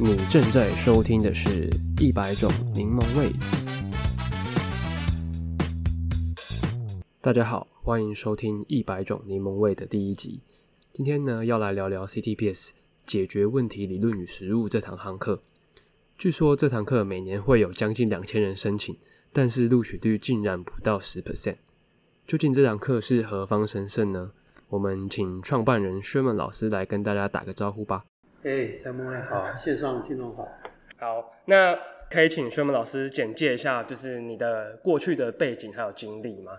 你正在收聽的是一百種檸檬味。大家好，歡迎收聽《一百種檸檬味》的第一集。今天呢，要來聊聊 CTPS 解決問題理論與實務這堂夯課。據說這堂課每年會有將近兩千人申請，但是錄取率竟然不到十 percent。究竟這堂課是何方神聖呢？我們請創辦人 Sherman 老師來跟大家打個招呼吧。哎 Sherman 好，線上聽眾好。好，那可以請 Sherman 老師簡介一下，就是你的過去的背景還有經歷嗎？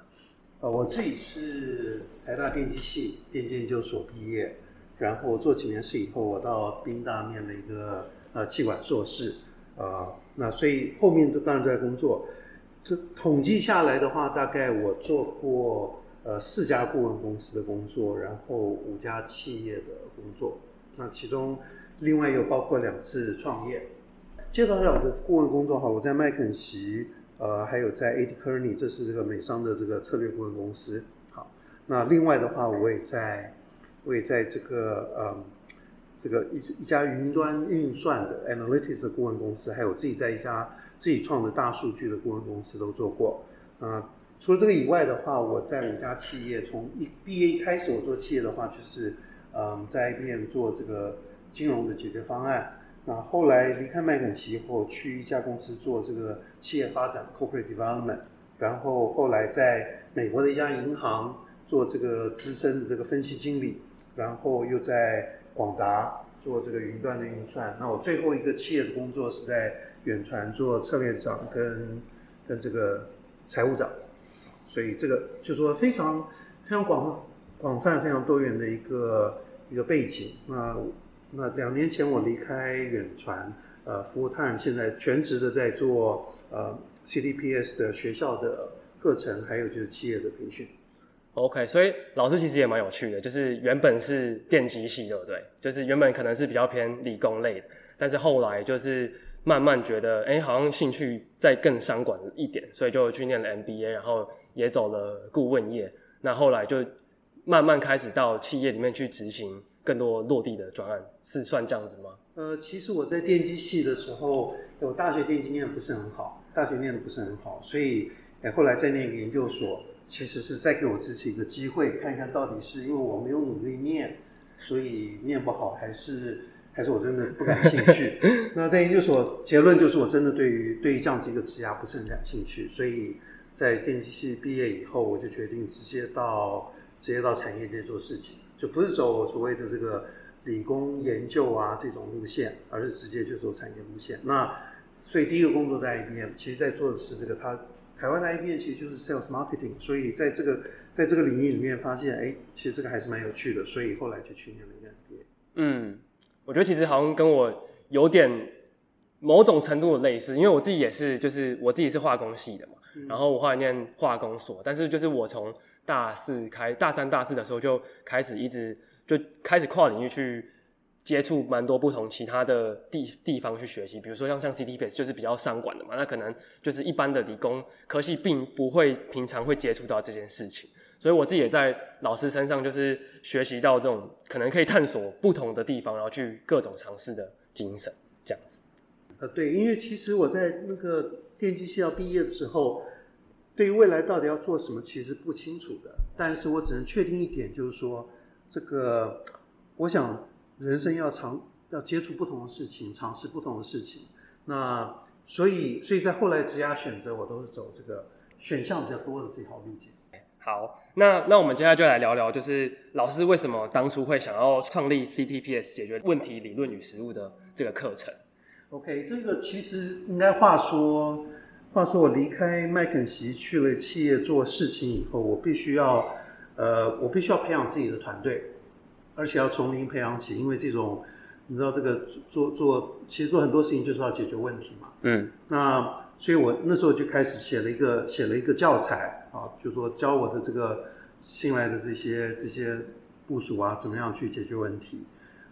呃，我自己是台大電機系電機研究所畢業，然後做幾年事以後，我到賓大念了一個呃企管碩士啊，那所以後面都當然在工作。就統計下來的話，大概我做過呃四家顧問公司的工作，然後五家企業的工作。那其中，另外又包括兩次創業。介紹一下我的顧問工作哈，我在麥肯錫，呃，還有在 AD Kearney，這是這個美商的這個策略顧問公司。好，那另外的話，我也在，我也在這個呃、嗯，這個一一家雲端運算的 Analytics、嗯、顧問公司，還有自己在一家自己創的大數據的顧問公司都做過。呃、除了這個以外的話，我在五家企業，從一畢業一開始我做企業的話就是。嗯，在一邊做這個金融的解決方案。那後來離開麥肯錫後，去一家公司做這個企業發展 c o r p r a t e Development）。然後後來在美國的一家銀行做這個資深的這個分析經理。然後又在廣達做這個雲端的運算。那我最後一個企業的工作是在遠傳做策略長跟跟這個財務長。所以這個就說非常非常廣泛。廣泛非常多元的一個一個背景。那那兩年前我離開遠傳，呃，full time 現在全職的在做呃 CTPS 的學校的課程，還有就是企業的培訓。OK，所以老師其實也蠻有趣的，就是原本是電機系，的，對？就是原本可能是比較偏理工類的，但是後來就是慢慢覺得，哎、欸，好像興趣再更商管一點，所以就去念了 MBA，然後也走了顧問業。那後來就。慢慢開始到企業裡面去執行更多落地的專案，是算這樣子嗎？呃，其實我在電機系的時候，欸、我大學電機念得不是很好，大學念的不是很好，所以呃、欸、後來在那個研究所，其實是再給我自己一個機會，看一看到底是因為我沒有努力念，所以念不好，還是還是我真的不感興趣。 那在研究所結論就是我真的對於對於這樣子一個職業不是很感興趣，所以在電機系畢業以後，我就決定直接到。直接到產業界做事情，就不是走所謂的這個理工研究啊，這種路線，而是直接就做產業路線。那所以第一個工作在 IBM，其實在做的是這個，它台灣的 IBM 其實就是 Sales Marketing，所以在這個在這個領域裡面發現，哎、欸，其實這個還是蠻有趣的，所以後來就去念了一個 MBA。嗯，我覺得其實好像跟我有點某種程度的類似，因為我自己也是，就是我自己是化工系的嘛，嗯、然後我後來念化工所，但是就是我從。大四開，大三、大四的時候就開始一直就開始跨領域去接觸蠻多不同其他的地地方去學習，比如說像像 CTPS 就是比較商管的嘛，那可能就是一般的理工科系並不會平常會接觸到這件事情，所以我自己也在老師身上就是學習到這種可能可以探索不同的地方，然後去各種嘗試的精神這樣子。呃，對，因為其實我在那個電機系要畢業的時候。對於未來到底要做什麼，其實不清楚的。但是我只能確定一點，就是說，這個，我想人生要嘗，要接觸不同的事情，嘗試不同的事情。那所以，所以在後來職涯選擇，我都是走這個選項比較多的這條路徑。好，那那我們接下來就來聊聊，就是老師為什麼當初會想要創立 CTPS 解決問題理論與實務的這個課程？OK，這個其實應該話說。話說我離開麥肯錫去了企業做事情以後，我必須要，呃，我必須要培養自己的團隊，而且要從零培養起，因為這種，你知道這個做做其實做很多事情就是要解決問題嘛。嗯。那所以，我那時候就開始寫了一個寫了一個教材啊，就是說教我的這個新來的這些這些部署啊，怎麼樣去解決問題。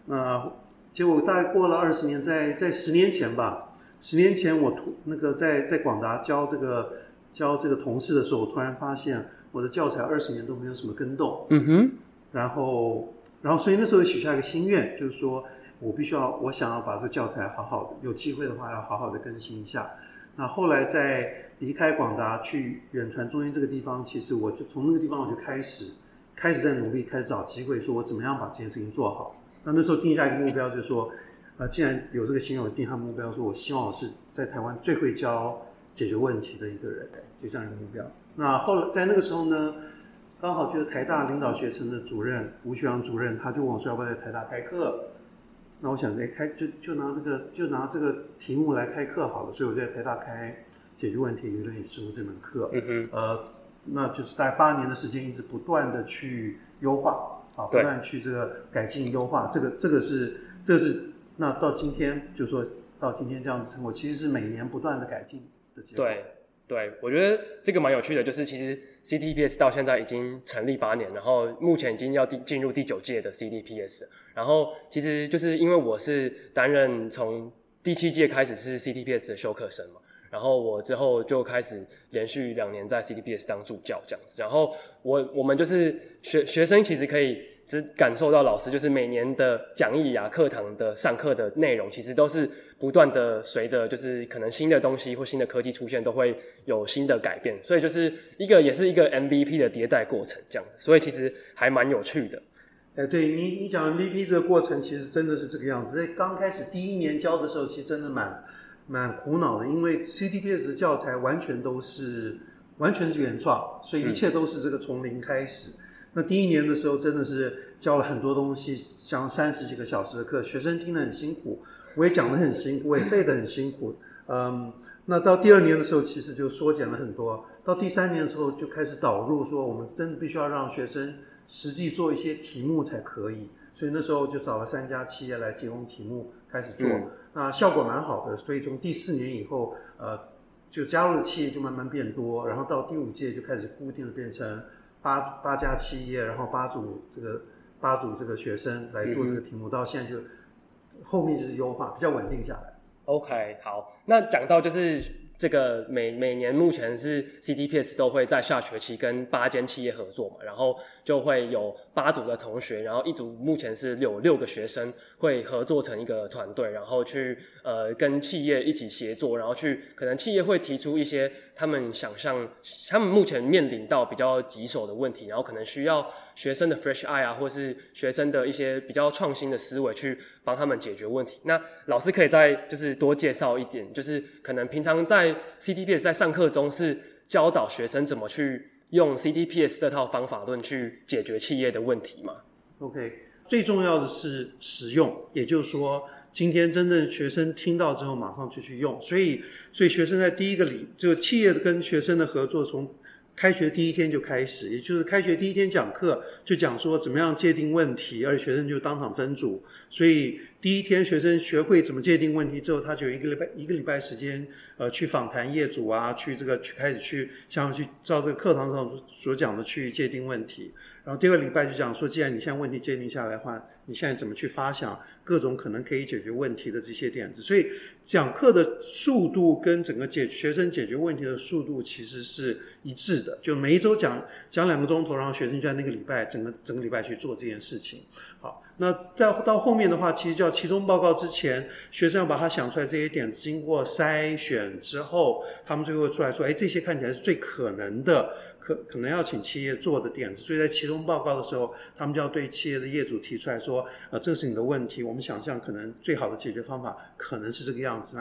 那結果大概過了二十年，在在十年前吧。十年前我，我突那個在在廣達教這個教這個同事的時候，我突然發現我的教材二十年都沒有什麼更動。嗯哼。然後，然後，所以那時候也許下一個心願，就是說我必須要，我想要把這個教材好好的，有機會的話，要好好的更新一下。那後來在離開廣達去遠傳中心這個地方，其實我就從那個地方我就開始開始在努力，開始找機會，說我怎麼樣把這件事情做好。那那時候定下一個目標，就是說。啊，既然有這個心願，我定下目標，說我希望我是在台灣最會教解決問題的一個人，就這樣一個目標。那後來在那個時候呢，剛好就是台大領導學程的主任吳學揚主任，他就問我說要不要在台大開課。那我想，在開就就拿這個就拿這個題目來開課好了。所以我就在台大開解決問題理論與實務這門課，嗯呃，那就是大概八年的時間，一直不斷的去優化啊，不斷去這個改進優化，這個這個是這個、是。那到今天就說到今天這樣子成果，其實是每年不斷的改進的結果。對，對我覺得這個蠻有趣的，就是其實 CTPS 到現在已經成立八年，然後目前已經要第進入第九屆的 CTPS。然後其實就是因為我是擔任從第七屆開始是 CTPS 的修課生嘛，然後我之後就開始連續兩年在 CTPS 當助教這樣子。然後我我們就是學學生其實可以。只感受到老師就是每年的講義啊，課堂的上課的內容，其實都是不斷的隨着就是可能新的東西或新的科技出現，都會有新的改變。所以就是一個也是一個 MVP 的迭代過程這樣。所以其實還蠻有趣的。哎、欸，對你你講 MVP 這個過程，其實真的是這個樣子。剛開始第一年教的時候，其實真的蠻蠻苦惱的，因為 CTPS 的教材完全都是完全是原創，所以一切都是這個從零開始。嗯那第一年的時候，真的是教了很多東西，講三十幾個小時的課，學生聽得很辛苦，我也講得很辛苦，我也背得很辛苦。嗯，那到第二年的時候，其實就縮減了很多。到第三年的時候，就開始導入說，我們真的必須要讓學生實際做一些題目才可以。所以那時候就找了三家企業來提供題目開始做，嗯、那效果蠻好的。所以從第四年以後，呃，就加入的企業就慢慢變多，然後到第五屆就開始固定的變成。八八家企業，然後八組這個八組這個學生來做這個題目，嗯嗯到現在就後面就是優化，比較穩定下來。OK，好，那講到就是這個每每年目前是 CTPS 都會在下學期跟八間企業合作嘛，然後就會有八組的同學，然後一組目前是有六個學生會合作成一個團隊，然後去呃跟企業一起協作，然後去可能企業會提出一些。他們想象他們目前面臨到比較棘手的問題，然後可能需要學生的 fresh eye 啊，或是學生的一些比較創新的思維去幫他們解決問題。那老師可以再就是多介紹一點，就是可能平常在 CTPS 在上課中是教導學生怎麼去用 CTPS 這套方法論去解決企業的問題嗎？OK，最重要的是使用，也就是說。今天真正學生聽到之後，馬上就去用，所以，所以學生在第一個裡，就企業跟學生的合作從開學第一天就開始，也就是開學第一天講課就講說怎麼樣界定問題，而且學生就當場分組，所以。第一天，學生學會怎麼界定問題之後，他就有一個禮拜一個禮拜時間，呃，去訪談業主啊，去這個去開始去，像去照這個課堂上所講的去界定問題。然後第二個禮拜就講說，既然你現在問題界定下來的話，你現在怎麼去發想各種可能可以解決問題的這些點子。所以講課的速度跟整個解學生解決問題的速度其實是一致的，就每一周講講兩個鐘頭，然後學生就在那個禮拜整個整個禮拜去做這件事情。好，那在到後面的話，其實叫期中報告之前，學生要把他想出來這些點子，經過篩選之後，他們就會出來說：“哎，這些看起來是最可能的，可可能要請企業做的點子。”所以，在期中報告的時候，他們就要對企業的業主提出來說：“呃，這是你的問題，我們想象可能最好的解決方法可能是這個樣子。”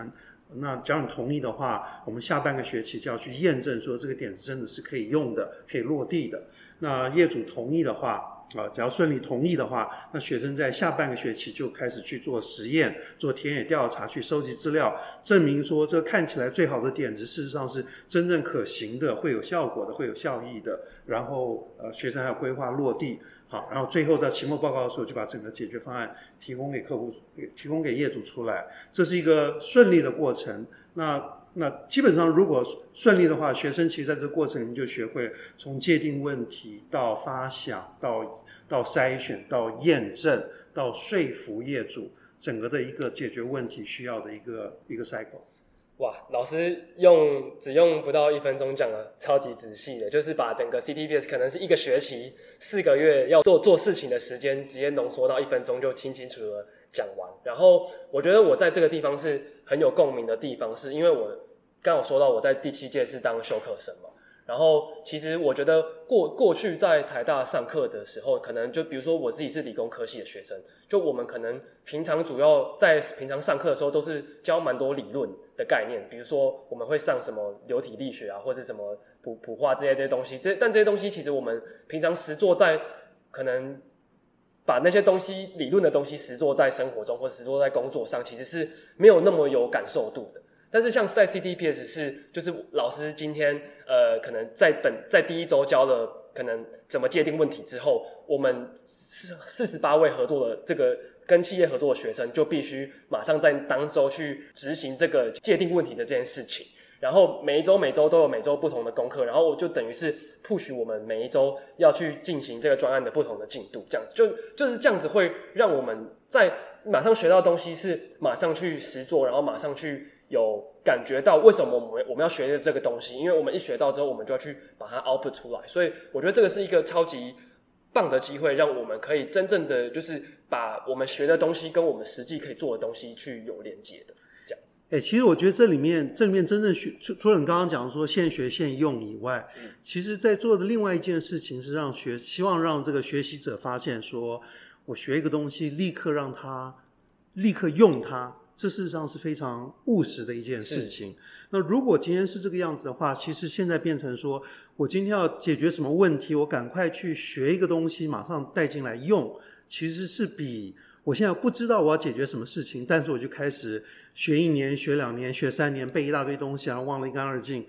那，那假如你同意的話，我們下半個學期就要去驗證，說這個點子真的是可以用的，可以落地的。那業主同意的話。啊，只要順利同意的話，那學生在下半個學期就開始去做實驗、做田野調查、去收集資料，證明說這看起來最好的點子，事實上是真正可行的、會有效果的、會有效益的。然後，呃，學生還要規劃落地。好，然後最後在期末報告的時候，就把整個解決方案提供給客戶，提供給業主出來，這是一個順利的過程。那那基本上如果順利的話，學生其實在這個過程裡面就學會從界定問題到發想到到，到篩選到驗證到說服業主，整個的一個解決問題需要的一個一個 cycle。哇，老師用只用不到一分鐘講得超級仔細的，就是把整個 CTPS 可能是一個學期四個月要做做事情的時間，直接濃縮到一分鐘就清清楚楚的講完。然後我覺得我在這個地方是很有共鳴的地方，是因為我剛我說到我在第七屆是當修課生嘛。然後，其實我覺得過過去在台大上課的時候，可能就比如說我自己是理工科系的學生，就我們可能平常主要在平常上課的時候，都是教蠻多理論的概念，比如說我們會上什麼流體力學啊，或者是什麼普普化這些這些東西。這但這些東西其實我們平常實做在，可能把那些東西理論的東西實做在生活中或者實做在工作上，其實是沒有那麼有感受度的。但是像在 CTPS 是，就是老師今天呃，可能在本在第一周教了可能怎麼界定問題之後，我們四四十八位合作的這個跟企業合作的學生就必須馬上在當週去執行這個界定問題的這件事情。然後每一週每週都有每週不同的功課，然後我就等於是 push 我們每一週要去進行這個專案的不同的進度，這樣子就就是這樣子會讓我們在馬上學到的東西，是馬上去實做，然後馬上去。有感覺到為什麼我們我們要學的這個東西？因為我們一學到之後，我們就要去把它 output 出來。所以我覺得這個是一個超級棒的機會，讓我們可以真正的就是把我們學的東西跟我們實際可以做的東西去有連接的這樣子、欸。哎，其實我覺得這裡面，這裡面真正學除了你剛剛講說現學現用以外、嗯，其實在做的另外一件事情是讓學希望讓這個學習者發現，說我學一個東西，立刻讓他立刻用它。這事實上是非常務實的一件事情。那如果今天是這個樣子的話，其實現在變成說，我今天要解決什麼問題，我趕快去學一個東西，馬上帶進來用，其實是比我現在不知道我要解決什麼事情，但是我就開始學一年、學兩年、學三年，背一大堆東西，然後忘了一乾二淨。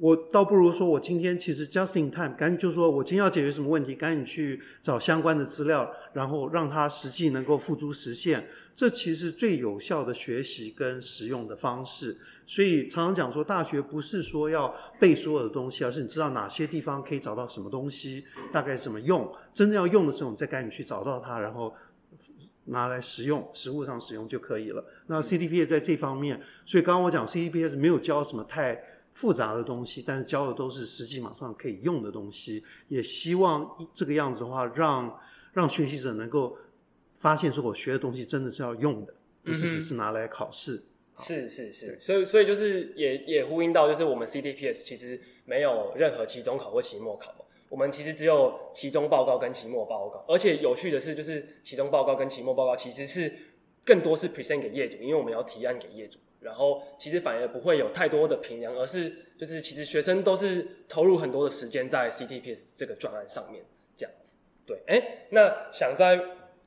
我倒不如說，我今天其實 just in time，趕緊就說我今天要解決什麼問題，趕緊去找相關的資料，然後讓它實際能夠付諸實現。這其實是最有效的學習跟使用的方式。所以常常講說，大學不是說要背所有的東西，而是你知道哪些地方可以找到什麼東西，大概是怎麼用。真正要用的時候，你再趕緊去找到它，然後拿來實用，實物上使用就可以了。那 CTPS 在這方面，所以剛剛我講 CTPS 是沒有教什麼太。複雜的東西，但是教的都是實際馬上可以用的東西。也希望這個樣子的話讓，讓讓學習者能夠發現，說我學的東西真的是要用的，嗯、不是只是拿來考試。是是是，所以所以就是也也呼應到，就是我們 CTPS 其實沒有任何期中考或期末考，我們其實只有期中報告跟期末報告。而且有趣的是，就是期中報告跟期末報告其實是更多是 present 給業主，因為我們要提案給業主。然後其實反而不會有太多的評量，而是就是其實學生都是投入很多的時間在 CTPS 這個專案上面，這樣子。對，哎，那想在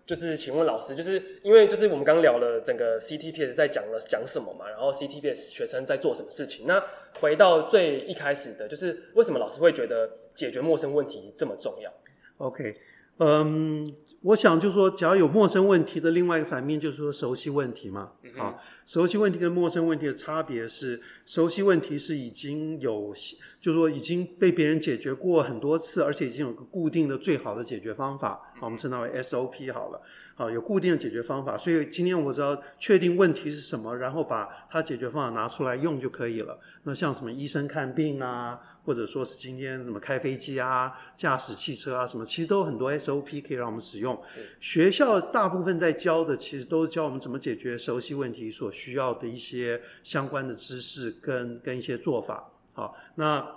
就是請問老師，就是因為就是我們剛剛聊了整個 CTPS 在講了講什麼嘛，然後 CTPS 學生在做什麼事情？那回到最一開始的，就是為什麼老師會覺得解決陌生問題這麼重要？OK，嗯、um...。我想就是說，只要有陌生問題的另外一個反面就是說熟悉問題嘛。好，熟悉問題跟陌生問題的差別是，熟悉問題是已經有，就是說已經被別人解決過很多次，而且已經有個固定的最好的解決方法，我們稱它為 SOP 好了。好，有固定的解決方法，所以今天我只要確定問題是什麼，然後把它解決方法拿出來用就可以了。那像什麼醫生看病啊。或者說是今天什麼開飛機啊、駕駛汽車啊什麼，其實都有很多 SOP 可以讓我們使用。學校大部分在教的，其實都是教我們怎麼解決熟悉問題所需要的一些相關的知識跟跟一些做法。好，那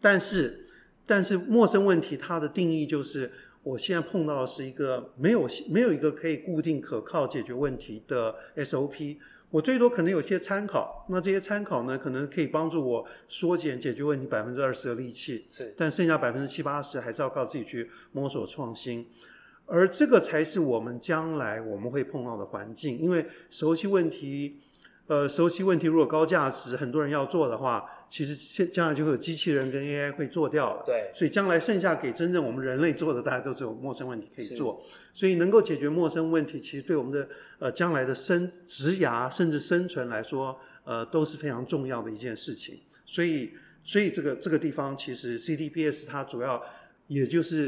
但是但是陌生問題，它的定義就是我現在碰到的是一個沒有沒有一個可以固定可靠解決問題的 SOP。我最多可能有些參考，那這些參考呢，可能可以幫助我縮減解決問題百分之二十的力氣，但剩下百分之七八十還是要靠自己去摸索創新，而這個才是我們將來我們會碰到的環境，因為熟悉問題。呃，熟悉問題如果高價值，很多人要做的話，其實現將來就會有機器人跟 AI 會做掉了。對，所以將來剩下給真正我們人類做的，大家都只有陌生問題可以做。所以能夠解決陌生問題，其實對我們的呃將來的生職涯、涯甚至生存來說，呃都是非常重要的一件事情。所以，所以這個這個地方，其實 CTPS 它主要也就是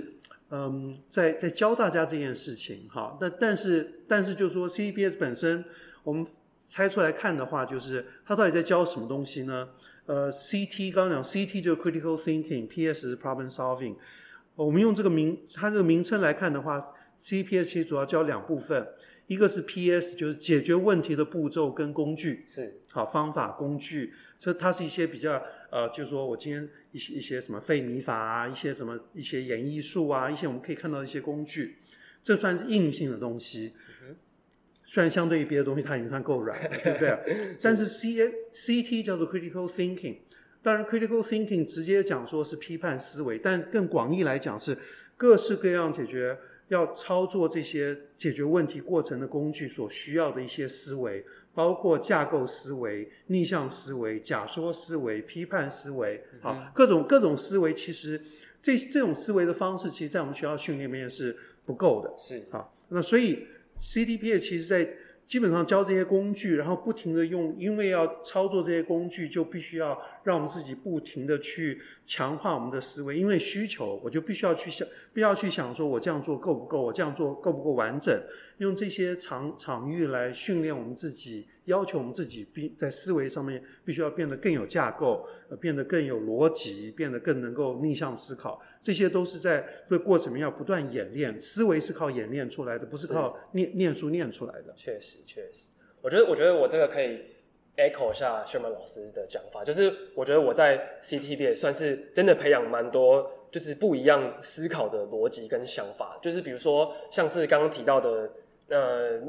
嗯、呃、在在教大家這件事情哈。那但，但是但是就是說 CTPS 本身我們。拆出來看的話，就是它到底在教什麼東西呢？呃，CT 剛剛講 CT 就是 critical thinking，PS 是 problem solving。我們用這個名，它這個名稱來看的話，CTPS 其實主要教兩部分，一個是 PS，就是解決問題的步驟跟工具。是。好，方法工具，這它是一些比較呃，就是說我今天一些一些什麼費米法啊，一些什麼一些演繹術啊，一些我們可以看到的一些工具，這算是硬性的東西。雖然相對於別的東西，它已經算夠軟了，對不對？但是 CT 叫做 critical thinking。當然，critical thinking 直接講說是批判思維，但更廣義來講是各式各樣解決要操作這些解決問題過程的工具所需要的一些思維，包括架構思維、逆向思維、假說思維、批判思維，好，各種各種思維，其實這這種思維的方式，其實，在我們學校訓練裡面是不夠的，是好，那所以。CTPS 其實，在基本上教這些工具，然後不停的用，因為要操作這些工具，就必須要讓我們自己不停的去強化我們的思維，因為需求，我就必須要去想，不要去想，說我這樣做夠不夠，我這樣做夠不夠完整。用這些場場域來訓練我們自己，要求我們自己必在思維上面必須要變得更有架構，呃，變得更有邏輯，變得更能夠逆向思考，這些都是在這個過程中面要不斷演練。思維是靠演練出來的，不是靠念是念書念出來的。確實，確實，我覺得，我覺得我這個可以 echo 一下 Sherman 老師的講法，就是我覺得我在 CTPS 也算是真的培養蠻多，就是不一樣思考的邏輯跟想法，就是比如說像是剛剛提到的。呃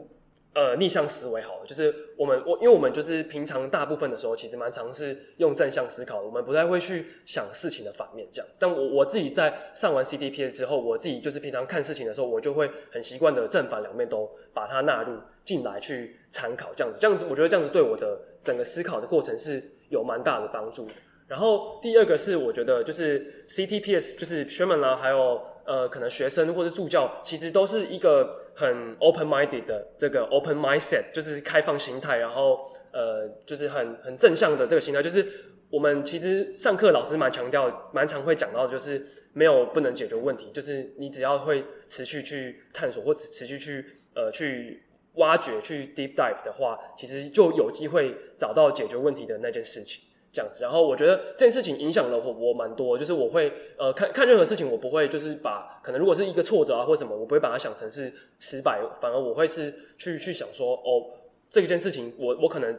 呃，逆向思維好了，就是我們我因為我們就是平常大部分的時候，其實蠻常是用正向思考的，我們不太會去想事情的反面這樣子。但我我自己在上完 CTPS 之後，我自己就是平常看事情的時候，我就會很習慣的正反兩面都把它納入進來去參考，這樣子，這樣子我覺得這樣子對我的整個思考的過程是有蠻大的幫助的。然後第二個是我覺得就是 CTPS 就是學們啦、啊，還有呃可能學生或者助教，其實都是一個。很 open-minded 的這個 open mindset 就是開放心態，然後呃，就是很很正向的這個心態。就是我們其實上課老師蠻強調，蠻常會講到，就是沒有不能解決問題，就是你只要會持續去探索，或持持續去呃去挖掘，去 deep dive 的話，其實就有機會找到解決問題的那件事情。這樣子，然後我覺得這件事情影響了我，我蠻多。就是我會呃看看任何事情，我不會就是把可能如果是一個挫折啊或什麼，我不會把它想成是失敗，反而我會是去去想說，哦，這件事情我我可能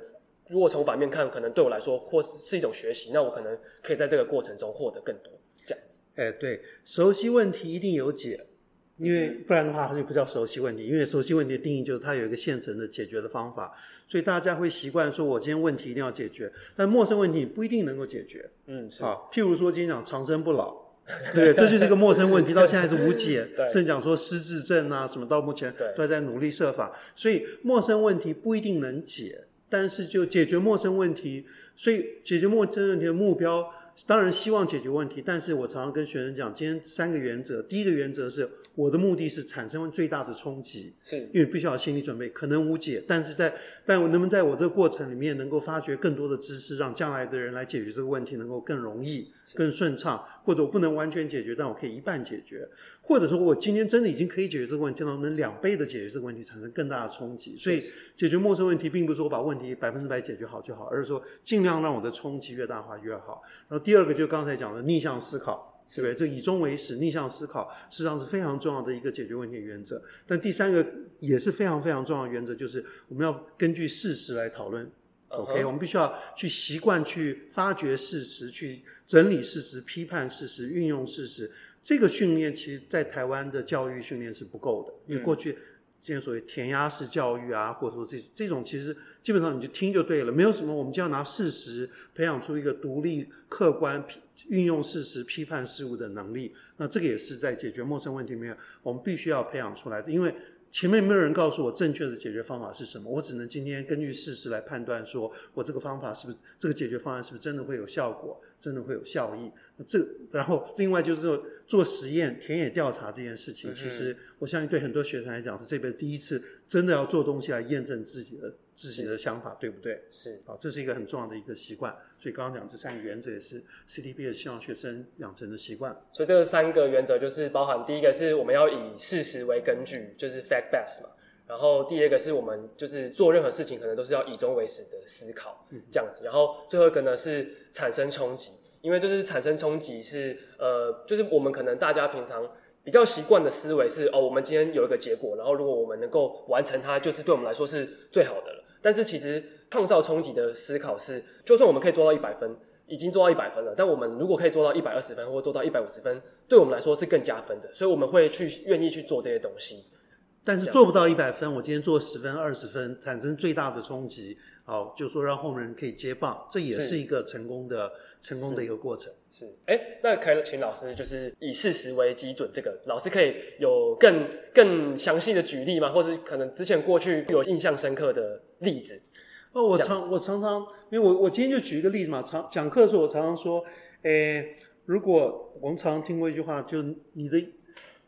如果從反面看，可能對我來說或是是一種學習，那我可能可以在這個過程中獲得更多。這樣子，哎、欸，對，熟悉問題一定有解。因為不然的話，它就不叫熟悉問題。因為熟悉問題的定義就是它有一個現成的解決的方法，所以大家會習慣說：“我今天問題一定要解決。”但陌生問題不一定能夠解決。嗯，是，好，譬如說今天講長生不老，對不對？ 這就是一個陌生問題， 到現在還是無解， 對。甚至講說失智症啊什麼，到目前都還在努力設法。所以陌生問題不一定能解，但是就解決陌生問題，所以解決陌生問題的目標。當然希望解決問題，但是我常常跟學生講，今天三個原則。第一個原則是我的目的是產生最大的衝擊，是，因為必須要心理準備，可能無解，但是在，但能不能在我這個過程裡面能夠發掘更多的知識，讓將來的人來解決這個問題能夠更容易，更順暢，或者我不能完全解決，但我可以一半解決，或者說我今天真的已經可以解決這個問題，就能兩倍的解決這個問題，產生更大的衝擊。所以，解決陌生問題，並不是說我把問題百分之百解決好就好，而是說儘量讓我的衝擊越大化越好。然後第二個就是剛才講的逆向思考，對不對？這以終為始，逆向思考實際上是非常重要的一個解決問題的原則。但第三個也是非常非常重要的原則，就是我們要根據事實來討論。OK，我們必須要去習慣去發掘事實，去整理事實、批判事實、運用事實。這個訓練其實，在台灣的教育訓練是不夠的，因為過去現在所謂填鴨式教育啊，或者說這這種其實基本上你就聽就對了，沒有什麼。我們就要拿事實培養出一個獨立、客觀、運用事實、批判事物的能力。那這個也是在解決陌生問題裡面，我們必須要培養出來的，因為。前面沒有人告訴我正確的解決方法是什麼，我只能今天根據事實來判斷，說我這個方法是不是，這個解決方案是不是真的會有效果。真的會有效益，那這然後另外就是做，做實驗、田野調查這件事情，嗯、其實我相信對很多學生來講是這輩子第一次真的要做東西來驗證自己的自己的想法，對不對？是好，這是一個很重要的一個習慣。所以剛剛講這三個原則也是 CTPS 希望學生養成的習慣。所以這三個原則就是包含第一個是我們要以事實為根據，就是 fact based 嘛。然後第二個是我們就是做任何事情，可能都是要以終為始的思考，嗯，這樣子。然後最後一個呢是產生衝擊，因為就是產生衝擊是呃，就是我們可能大家平常比較習慣的思維是哦，我們今天有一個結果，然後如果我們能夠完成它，就是對我們來說是最好的了。但是其實創造衝擊的思考是，就算我們可以做到一百分，已經做到一百分了，但我們如果可以做到一百二十分或做到一百五十分，對我們來說是更加分的。所以我們會去願意去做這些東西。但是做不到一百分，我今天做十分、二十分，產生最大的衝擊，好，就是、說讓後面人可以接棒，這也是一個成功的、成功的一個過程。是，哎，那可以請老師，就是以事實為基準，這個老師可以有更更詳細的舉例嗎？或是可能之前過去有印象深刻的例子？哦，我常我常常，因為我我今天就舉一個例子嘛，常講課的時候我常常說，哎，如果我們常常聽過一句話，就你的。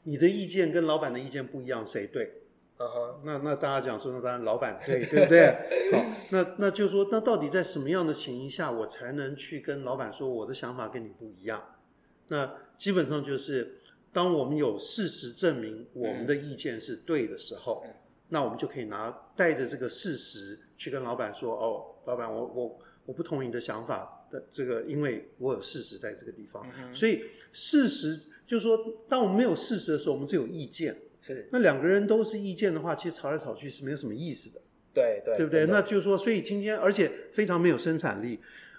你的意見跟老闆的意見不一樣，誰對？Uh -huh. 那那大家講說，那當然老闆對， 對不對？好，那那就說，那到底在什麼樣的情形下，我才能去跟老闆說我的想法跟你不一樣？那基本上就是，當我們有事實證明我們的意見是對的時候，嗯、那我們就可以拿帶着這個事實去跟老闆說：“哦，老闆，我我我不同意你的想法。”的這個，因為我有事實在這個地方，嗯、所以事實就是說，當我們沒有事實的時候，我們只有意見。是。那兩個人都是意見的話，其實吵來吵去是沒有什麼意思的。對對。對不對？對，對。那就是說，所以今天而且非常沒有生產力。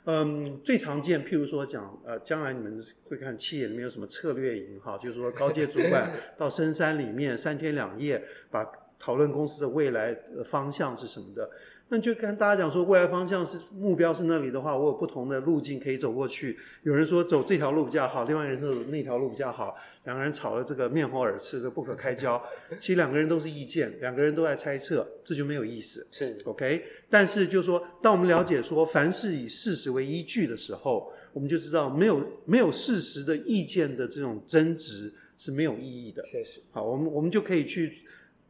嗯，最常見，譬如說講呃，將來你們會看企業裡面有什麼策略營，就是說高階主管到深山裡面三天兩夜， 把討論公司的未來的方向是什麼的。那就跟大家講說，未來方向是目標是那裡的話，我有不同的路徑可以走過去。有人說走這條路比較好，另外人說走那條路比較好，兩個人吵得這個面紅耳赤，這個不可開交。其實兩個人都是意見，兩個人都在猜測，這就沒有意思。是 OK，但是就說，當我們了解說凡事以事實為依據的時候，我們就知道沒有沒有事實的意見的這種爭執是沒有意義的。確實，好，我們我們就可以去。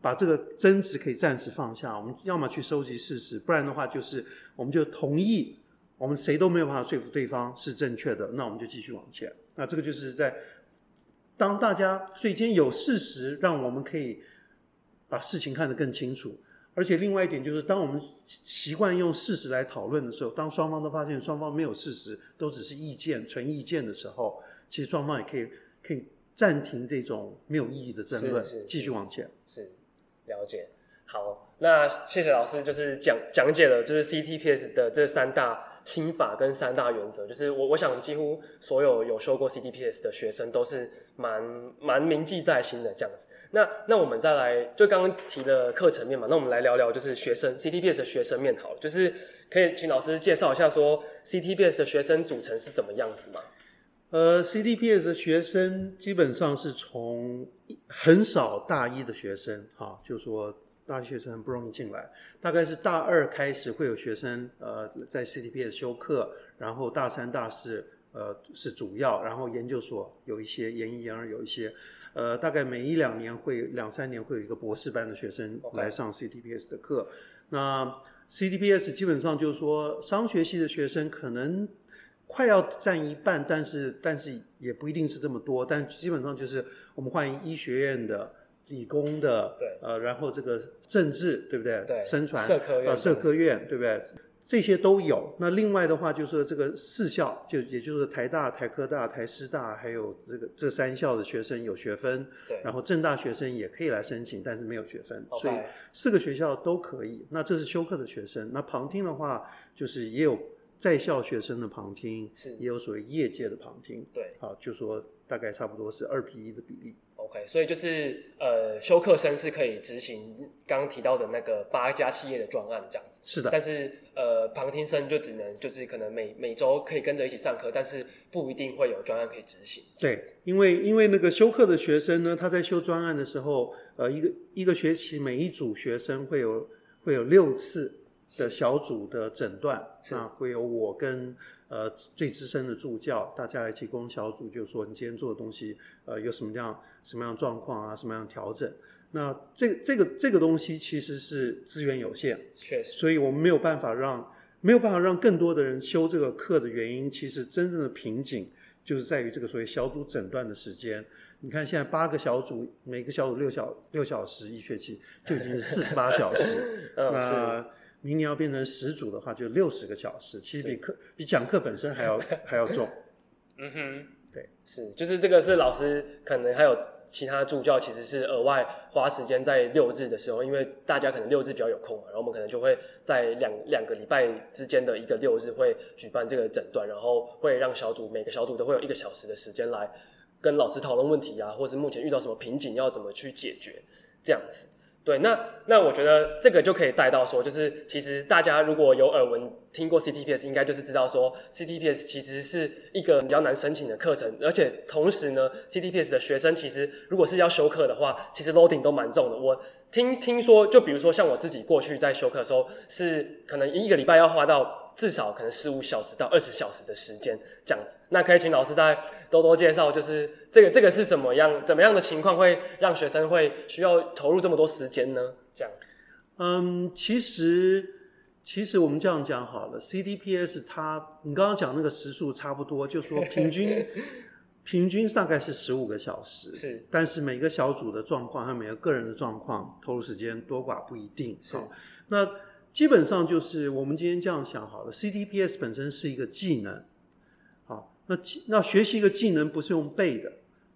把這個爭執可以暫時放下，我們要麼去收集事實，不然的話就是我們就同意，我們誰都沒有辦法說服對方是正確的，那我們就繼續往前。那這個就是在當大家，所以今天有事實，讓我們可以把事情看得更清楚。而且另外一點就是，當我們習慣用事實來討論的時候，當雙方都發現雙方沒有事實，都只是意見、純意見的時候，其實雙方也可以可以暫停這種沒有意義的爭論，繼續往前。是。了解，好，那謝謝老師，就是講講解了，就是 CTPS 的這三大心法跟三大原則，就是我我想幾乎所有有修過 CTPS 的學生都是蠻蠻銘記在心的這樣子。那那我們再來，就剛剛提的課程面嘛，那我們來聊聊，就是學生 CTPS 的學生面，好了，就是可以請老師介紹一下說，說 CTPS 的學生組成是怎麼樣子嗎？呃，CTPS 的學生基本上是從。很少大一的學生，哈、啊，就是說大一學生不容易進來。大概是大二開始會有學生，呃，在 CTPS 修課，然後大三、大四，呃，是主要。然後研究所有一些，研一、研二有一些，呃，大概每一兩年會兩三年會有一個博士班的學生來上 CTPS 的課。Okay. 那 CTPS 基本上就是說，商學系的學生可能。快要佔一半，但是但是也不一定是這麼多，但基本上就是我們歡迎醫學院的、理工的，對，呃，然後這個政治，對不對？對，宣傳社科院，呃、社科院，對不對？這些都有。嗯、那另外的話，就是說這個四校，就也就是台大、台科大、台師大，還有這個這三校的學生有學分，對。然後政大學生也可以來申請，但是沒有學分、啊，所以四個學校都可以。那這是修課的學生。那旁聽的話，就是也有。在校學生的旁聽是，也有所謂業界的旁聽，對，好，就說大概差不多是二比一的比例。OK，所以就是呃，修課生是可以執行剛剛提到的那個八家企業的專案這樣子，是的。但是呃，旁聽生就只能就是可能每每周可以跟着一起上課，但是不一定會有專案可以執行。對，因為因為那個修課的學生呢，他在修專案的時候，呃，一個一個學期每一組學生會有會有六次的小組的診斷，那會有我跟呃最資深的助教大家來提供小組，就是說你今天做的東西，呃有什麼樣什麼樣的狀況啊，什麼樣的調整？那這個、這個這個東西其實是資源有限，確實，所以我們沒有辦法讓沒有辦法讓更多的人修這個課的原因，其實真正的瓶頸就是在於這個所謂小組診斷的時間。你看現在八個小組，每個小組六小六小時一學期，就已經是四十八小時， 那。 嗯明年要變成十組的話，就六十個小時，其實比課比講課本身還要 還要重。嗯哼，對，是，就是這個是老師，可能還有其他助教，其實是額外花時間在六日的時候，因為大家可能六日比較有空嘛，然後我們可能就會在兩兩個禮拜之間的一個六日會舉辦這個診斷，然後會讓小組每個小組都會有一個小時的時間來跟老師討論問題啊，或是目前遇到什麼瓶頸要怎麼去解決，這樣子。對，那，那我覺得這個就可以帶到說，就是其實大家如果有耳聞聽過 CTPS，應該就是知道說 CTPS 其實是一個比較難申請的課程，而且同時呢，CTPS 的學生其實如果是要修課的話，其實 loading 都蠻重的。我聽聽說，就比如說像我自己過去在修課的時候，是可能一個禮拜要花到。至少可能十五小時到二十小時的時間這樣子，那可以請老師再多多介紹，就是這個這個是怎麼樣，怎麼樣的情況會讓學生會需要投入這麼多時間呢？這樣子。嗯，其實其實我們這樣講好了，CTPS 它你剛剛講那個時數差不多，就說平均 平均大概是十五個小時，是，但是每個小組的狀況和每個個人的狀況投入時間多寡不一定。是，哦、那。基本上就是我們今天這樣想好了，CTPS 本身是一個技能，好，那那學習一個技能不是用背的，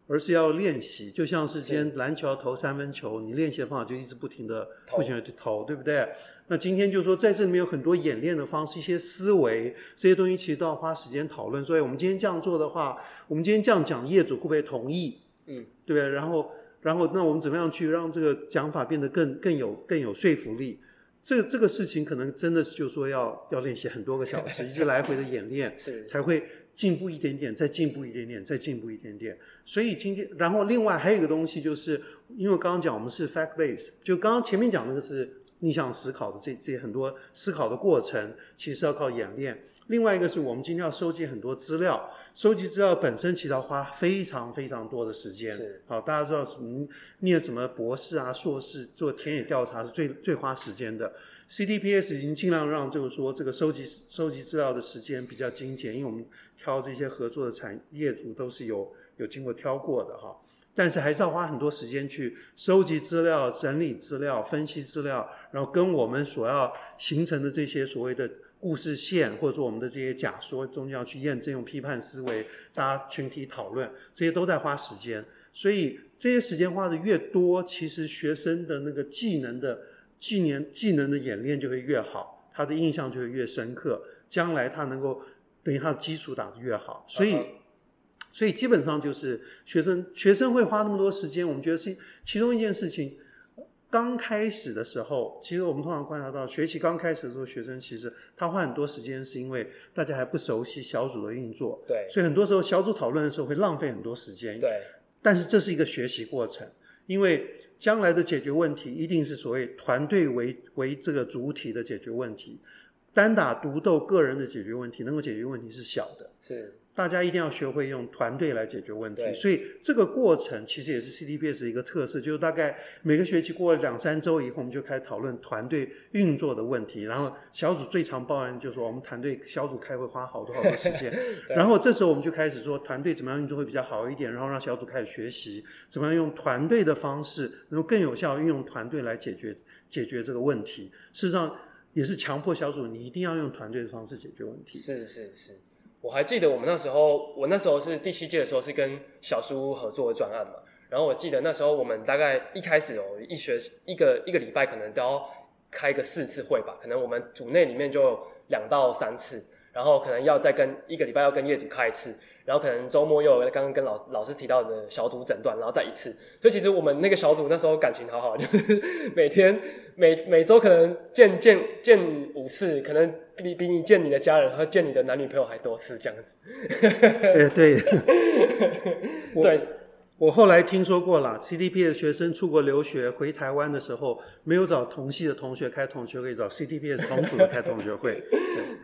而是要練習。就像是今天籃球要投三分球，Okay. 你練習的方法就一直不停的不停的去投，對不對？那今天就是說在這裡面有很多演練的方式，一些思維這些東西其實都要花時間討論。所以我們今天這樣做的話，我們今天這樣講業主會不會同意？嗯，對不對？然後，然後那我們怎麼樣去讓這個講法變得更更有更有說服力？這這個事情可能真的是，就是說要要練習很多個小時，一直來回的演練，才會進步一點點，再進步一點點，再進步一點點。所以今天，然後另外還有一個東西就是，因為剛剛講我們是 fact-based，就剛剛前面講那個是逆向思考的這這些很多思考的過程，其實要靠演練。另外一個是我們今天要收集很多資料，收集資料本身其實要花非常非常多的時間。好、哦，大家知道什麼念什麼博士啊、碩士做田野調查是最最花時間的。CTPS 已經盡量讓就是說這個收集收集資料的時間比較精簡，因為我們挑這些合作的產業主都是有有經過挑過的哈、哦。但是還是要花很多時間去收集資料、整理資料、分析資料，然後跟我們所要形成的這些所謂的。故事線或者說我們的這些假說，終究要去驗證，用批判思維，大家群體討論，這些都在花時間。所以這些時間花得越多，其實學生的那個技能的技能技能的演練就會越好，他的印象就會越深刻，將來他能夠等於他的基礎打得越好。所以所以基本上就是學生學生會花那麼多時間，我們覺得是其中一件事情。剛開始的時候，其實我們通常觀察到，學習剛開始的時候，學生其實他花很多時間，是因為大家還不熟悉小組的運作。對，所以很多時候小組討論的時候會浪費很多時間。對，但是這是一個學習過程，因為將來的解決問題一定是所謂團隊為為這個主體的解決問題，單打獨鬥個人的解決問題，能夠解決問題是小的。是。大家一定要學會用團隊來解決問題，所以這個過程其實也是 CTPS 的一個特色，就是大概每個學期過了兩三周以後，我們就開始討論團隊運作的問題。然後小組最常抱怨就是說我們團隊小組開會花好多好多時間， 然後這時候我們就開始說團隊怎麼樣運作會比較好一點，然後讓小組開始學習怎麼樣用團隊的方式，能夠更有效運用團隊來解決解決這個問題。事實上也是強迫小組，你一定要用團隊的方式解決問題。是是是。是我還記得我們那時候，我那時候是第七屆的時候是跟小叔合作的專案嘛。然後我記得那時候我們大概一開始哦、喔，一學一個一個禮拜可能都要開個四次會吧，可能我們組內裡面就兩到三次，然後可能要再跟一個禮拜要跟業主開一次，然後可能週末又剛剛跟老老師提到的小組診斷，然後再一次。所以其實我們那個小組那時候感情好好 每，每天每每週可能見見見五次，可能。你比你見你的家人和見你的男女朋友還多次這樣子、欸。對 對我，我後來聽說過了，CTPS 的學生出國留學回台灣的時候，沒有找同系的同學開同學會，找 CTPS 的同組的開同學會。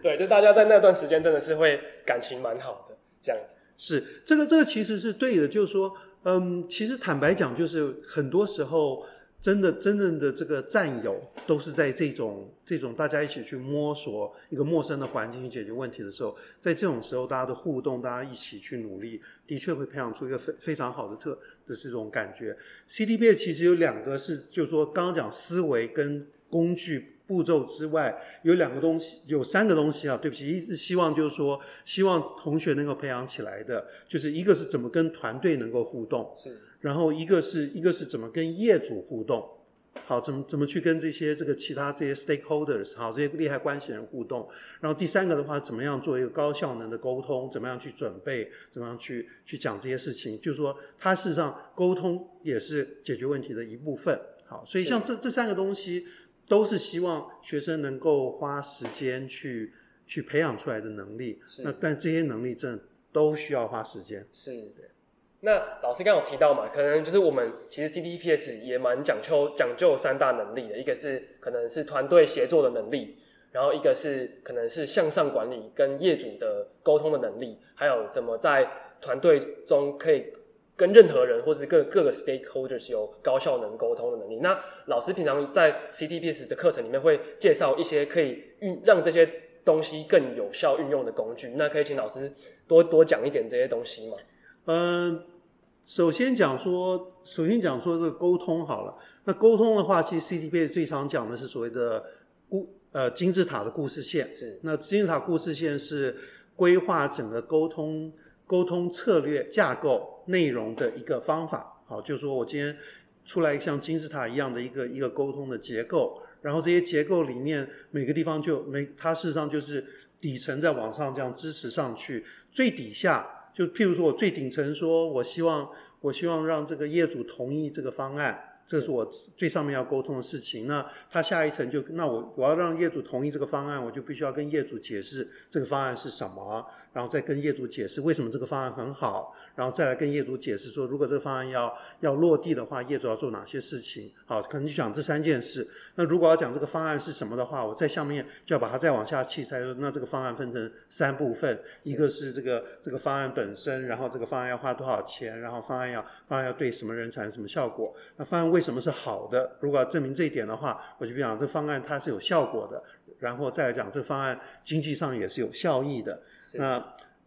對。對，就大家在那段時間真的是會感情蠻好的這樣子。是，這個這個其實是對的，就是說，嗯，其實坦白講，就是很多時候。真的，真正的這個戰友都是在這種這種大家一起去摸索一個陌生的環境去解決問題的時候，在這種時候，大家的互動，大家一起去努力，的確會培養出一個非非常好的特的這種感覺。CTPS 其實有兩個是，就是說剛剛講思維跟工具步驟之外，有兩個東西，有三個東西啊，對不起，一直希望就是說，希望同學能夠培養起來的，就是一個是怎麼跟團隊能夠互動。是。然後一個是一個是怎麼跟業主互動，好，怎麼怎麼去跟這些這個其他這些 stakeholders，好，這些利害關係人互動。然後第三個的話，怎麼樣做一個高效能的溝通？怎麼樣去準備？怎麼樣去去講這些事情？就是說，它事實上溝通也是解決問題的一部分。好，所以像這這三個東西都是希望學生能夠花時間去去培養出來的能力。那但這些能力真的都需要花時間。是對。是那老師剛剛有提到嘛，可能就是我們其實 CTPS 也蠻講究講究三大能力的，一個是可能是團隊協作的能力，然後一個是可能是向上管理跟業主的溝通的能力，還有怎麼在團隊中可以跟任何人或是各各個 stakeholders 有高效能溝通的能力。那老師平常在 CTPS 的課程裡面會介紹一些可以運讓這些東西更有效運用的工具，那可以請老師多多講一點這些東西嗎？嗯、呃，首先講說，首先講說這個溝通好了。那溝通的話，其實 CTPS 最常講的是所謂的故呃金字塔的故事線。是。那金字塔故事線是規劃整個溝通溝通策略架，架構內容的一個方法。好，就是說我今天出來像金字塔一樣的一個一個溝通的結構，然後這些結構裡面每個地方就每它事實上就是底層在往上這樣支持上去，最底下。就譬如說，我最頂層說我希望，我希望讓這個業主同意這個方案，這是我最上面要溝通的事情。那他下一層就，那我我要讓業主同意這個方案，我就必須要跟業主解釋這個方案是什麼。然後再跟業主解釋為什麼這個方案很好，然後再來跟業主解釋說，如果這個方案要要落地的話，業主要做哪些事情？好，可能就講這三件事。那如果要講這個方案是什麼的話，我在下面就要把它再往下細拆。那這個方案分成三部分，一個是這個這個方案本身，然後這個方案要花多少錢，然後方案要方案要對什麼人產生什麼效果？那方案為什麼是好的？如果要證明這一點的話，我就講這個、方案它是有效果的，然後再來講這個、方案經濟上也是有效益的。那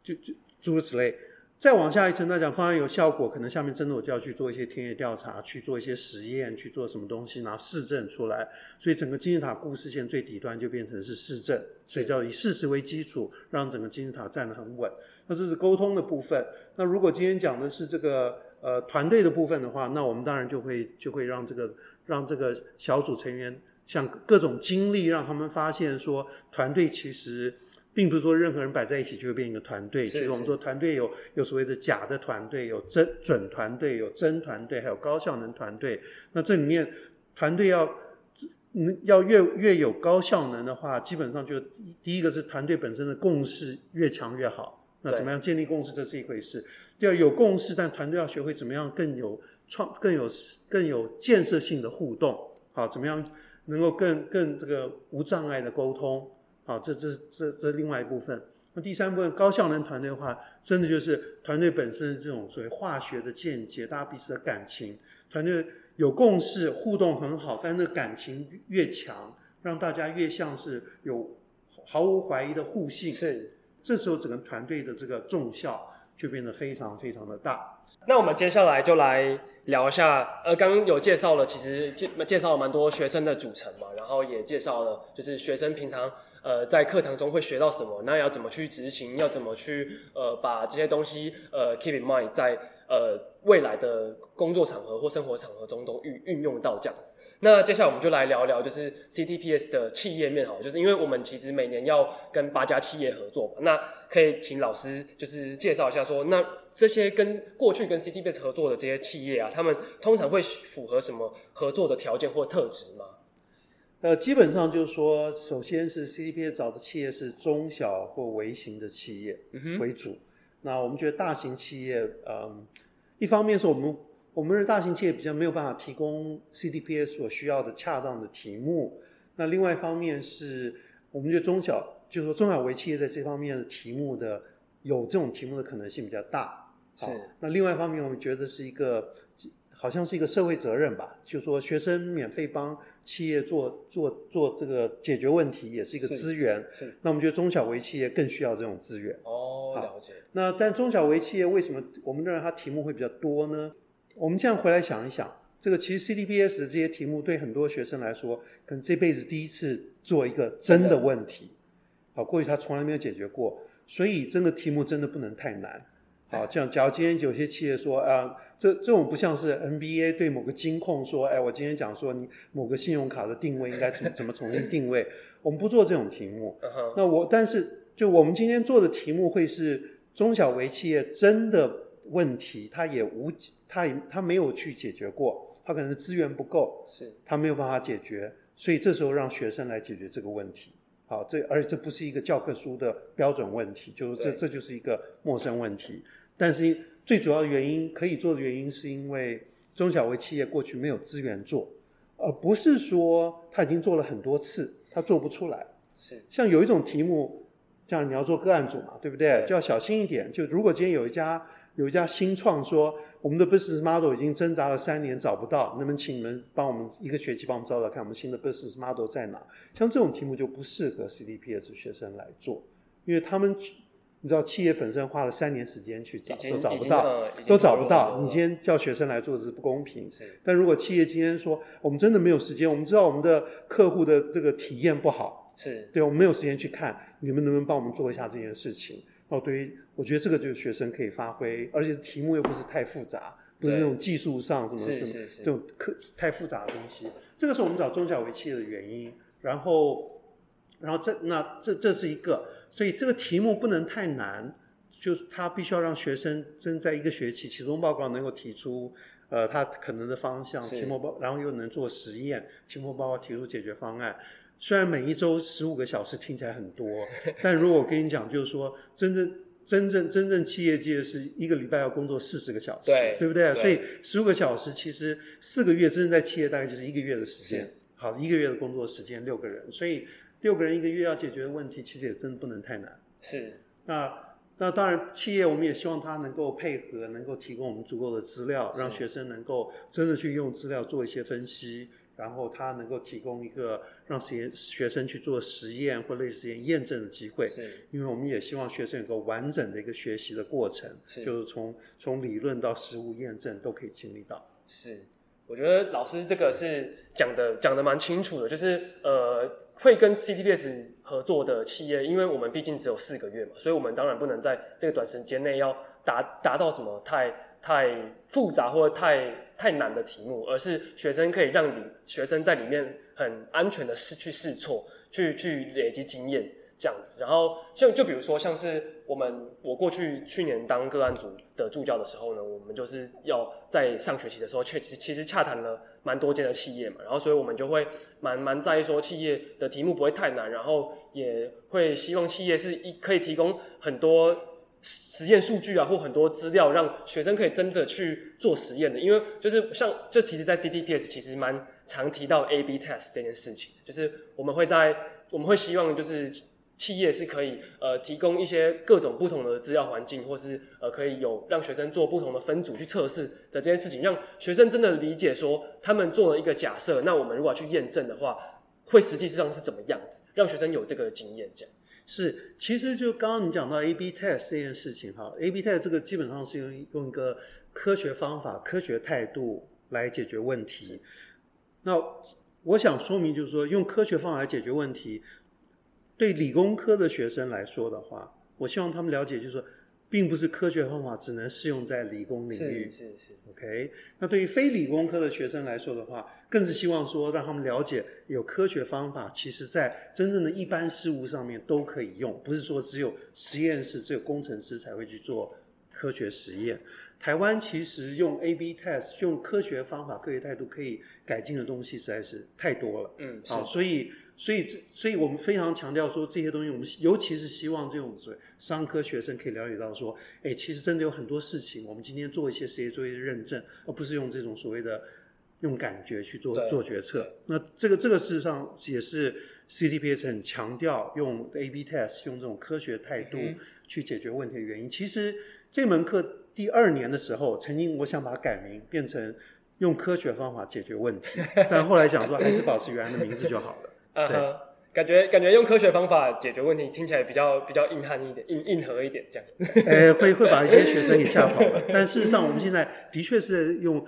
就就諸如此類，再往下一層，來講方案有效果，可能下面真的我就要去做一些田野調查，去做一些實驗，去做什麼東西，拿實證出來。所以整個金字塔故事線最底端就變成是實證，所以叫以事實為基礎，讓整個金字塔站得很穩。那這是溝通的部分。那如果今天講的是這個呃團隊的部分的話，那我們當然就會就會讓這個讓這個小組成員像各種經歷，讓他們發現說團隊其實。並不是說任何人擺在一起就會變一個團隊。是是，其實我們說團隊有有所謂的假的團隊，有真準團隊，有真團隊，還有高效能團隊。那這裡面團隊要要越越有高效能的話，基本上就第一個是團隊本身的共識越強越好。那怎麼樣建立共識，這是一回事。第二有共識，但團隊要學會怎麼樣更有創、更有更有建設性的互動。好，怎麼樣能夠更更這個無障礙的溝通。好，這這這這另外一部分。那第三部分高效能團隊的話，真的就是團隊本身是這種所謂化學的間接，大家彼此的感情，團隊有共識，互動很好，但是感情越強，讓大家越像是有毫無懷疑的互信，是。這時候整個團隊的這個綜效就變得非常非常的大。那我們接下來就來聊一下，呃，剛剛有介紹了，其實介介紹了蠻多學生的組成嘛，然後也介紹了就是學生平常。呃，在課堂中會學到什麼？那要怎麼去執行？要怎麼去呃把這些東西呃 keep in mind 在呃未來的工作場合或生活場合中都運運用到這樣子。那接下來我們就來聊聊就是 CTPS 的企業面好，就是因為我們其實每年要跟八家企業合作嘛，那可以請老師就是介紹一下說，那這些跟過去跟 CTPS 合作的這些企業啊，他們通常會符合什麼合作的條件或特質嗎？呃，基本上就是說，首先是 CTPS 找的企業是中小或微型的企業為主。Mm -hmm. 那我們覺得大型企業，嗯，一方面是我們我們的大型企業比較沒有辦法提供 CTPS 所需要的恰當的題目。那另外一方面是我們覺得中小，就是說中小微企業在這方面的題目的有這種題目的可能性比較大。是。好，那另外一方面，我們覺得是一個。好像是一個社會責任吧，就是說學生免費幫企業做做做這個解決問題，也是一個資源是。是，那我們覺得中小微企業更需要這種資源。哦，了解。那但中小微企業為什麼我們認為它題目會比較多呢？我們這樣回來想一想，這個其實 CTPS 這些題目對很多學生來說，可能這輩子第一次做一個真的問題的。好，過去他從來沒有解決過，所以真的題目真的不能太難。好，這樣，假如今天有些企業說啊。嗯這這種不像是 NBA 對某個金控說，哎，我今天講說你某個信用卡的定位應該怎麼怎麼重新定位？ 我們不做這種題目。Uh-huh. 那我但是就我們今天做的題目會是中小微企業真的問題，他也無他也他沒有去解決過，他可能資源不夠，是，他沒有辦法解決，所以這時候讓學生來解決這個問題。好，這而且這不是一個教科書的標準問題，就是這這就是一個陌生問題，但是。最主要的原因可以做的原因，是因為中小微企業過去沒有資源做，而不是說他已經做了很多次，他做不出來。是像有一種題目，像你要做個案組嘛，對不對？就要小心一點。就如果今天有一家有一家新創說，我們的 business model 已經掙扎了三年找不到，那麼請你們幫我們一個學期幫我們找找看，我們新的 business model 在哪？像這種題目就不適合 CTPS 學生來做，因為他們。你知道企業本身花了三年時間去找都找不到，都找不到、這個。你今天叫學生來做的是不公平。是。但如果企業今天說，我們真的沒有時間，我們知道我們的客戶的這個體驗不好。是。對，我們沒有時間去看你們能不能幫我們做一下這件事情。哦，對於我覺得這個就是學生可以發揮，而且題目又不是太複雜，不是那種技術上什麼什麼這種太複雜的東西。這個是我們找中小微企業的原因。然後，然後這那這這是一個。所以這個題目不能太難，就是他必須要讓學生真在一個學期，期中報告能夠提出，呃，他可能的方向，期末報，然後又能做實驗，期末報告提出解決方案。雖然每一周十五個小時聽起來很多，但如果我跟你講，就是說， 真正真正真正企業界是一個禮拜要工作四十個小時，對，對不對啊？對。所以十五個小時其實四個月，真正在企業大概就是一個月的時間，好，一個月的工作時間六個人，所以。六個人一個月要解決的問題，其實也真的不能太難。是。那那當然，企業我們也希望他能夠配合，能夠提供我們足夠的資料，讓學生能夠真的去用資料做一些分析。然後他能夠提供一個讓學學生去做實驗或類似實驗驗證的機會。是。因為我們也希望學生有個完整的一個學習的過程，是。就是從從理論到實務驗證都可以經歷到。是。我覺得老師這個是講得講得蠻清楚的，就是呃。會跟 CTPS 合作的企業，因為我們畢竟只有四個月嘛，所以我們當然不能在這個短時間內要達達到什麼太太複雜或太太難的題目，而是學生可以讓你，學生在裡面很安全的試去試錯，去去累積經驗。這樣子，然後像就比如說，像是我們我過去去年當個案組的助教的時候呢，我們就是要在上學期的時候，其實其實洽談了蠻多間的企業嘛，然後所以我們就會蠻蠻在意說企業的題目不會太難，然後也會希望企業是一可以提供很多實驗數據啊，或很多資料，讓學生可以真的去做實驗的，因為就是像這其實，在 CTPS 其實蠻常提到 A/B test 這件事情，就是我們會在我們會希望就是。企業是可以呃提供一些各種不同的資料環境，或是呃可以有讓學生做不同的分組去測試的這件事情，讓學生真的理解說他們做了一個假設，那我們如果去驗證的話，會實際上是怎麼樣子？讓學生有這個經驗這樣。講是其實就剛剛你講到 A B test 這件事情哈，A B test 這個基本上是用用一個科學方法、科學態度來解決問題。那我想說明就是說，用科學方法來解決問題。對理工科的學生來說的話，我希望他們了解，就是說，並不是科學方法只能適用在理工領域。是是是。OK，那對於非理工科的學生來說的話，更是希望說讓他們了解，有科學方法，其實在真正的一般事物上面都可以用，不是說只有實驗室、只有工程師才會去做科學實驗。台灣其實用 AB test 用科學方法、科學態度可以改進的東西實在是太多了。嗯，好，啊，所以。所以，所以我們非常強調說這些東西，我們尤其是希望這種所謂商科學生可以了解到說，哎，其實真的有很多事情，我們今天做一些實驗作業的認證，而不是用這種所謂的用感覺去做做決策。那這個這個事實上也是 CTPS 很強調用 AB test，用這種科學態度去解決問題的原因。嗯、其實這門課第二年的時候，曾經我想把它改名，變成用科學方法解決問題，但後來想說還是保持原來的名字就好了。 嗯、uh、哼 -huh.，感覺感覺用科學方法解決問題聽起來比較比較硬漢一點，硬硬核一點這樣。呃、 欸，會會把一些學生給嚇跑了。 但事實上，我們現在的確是用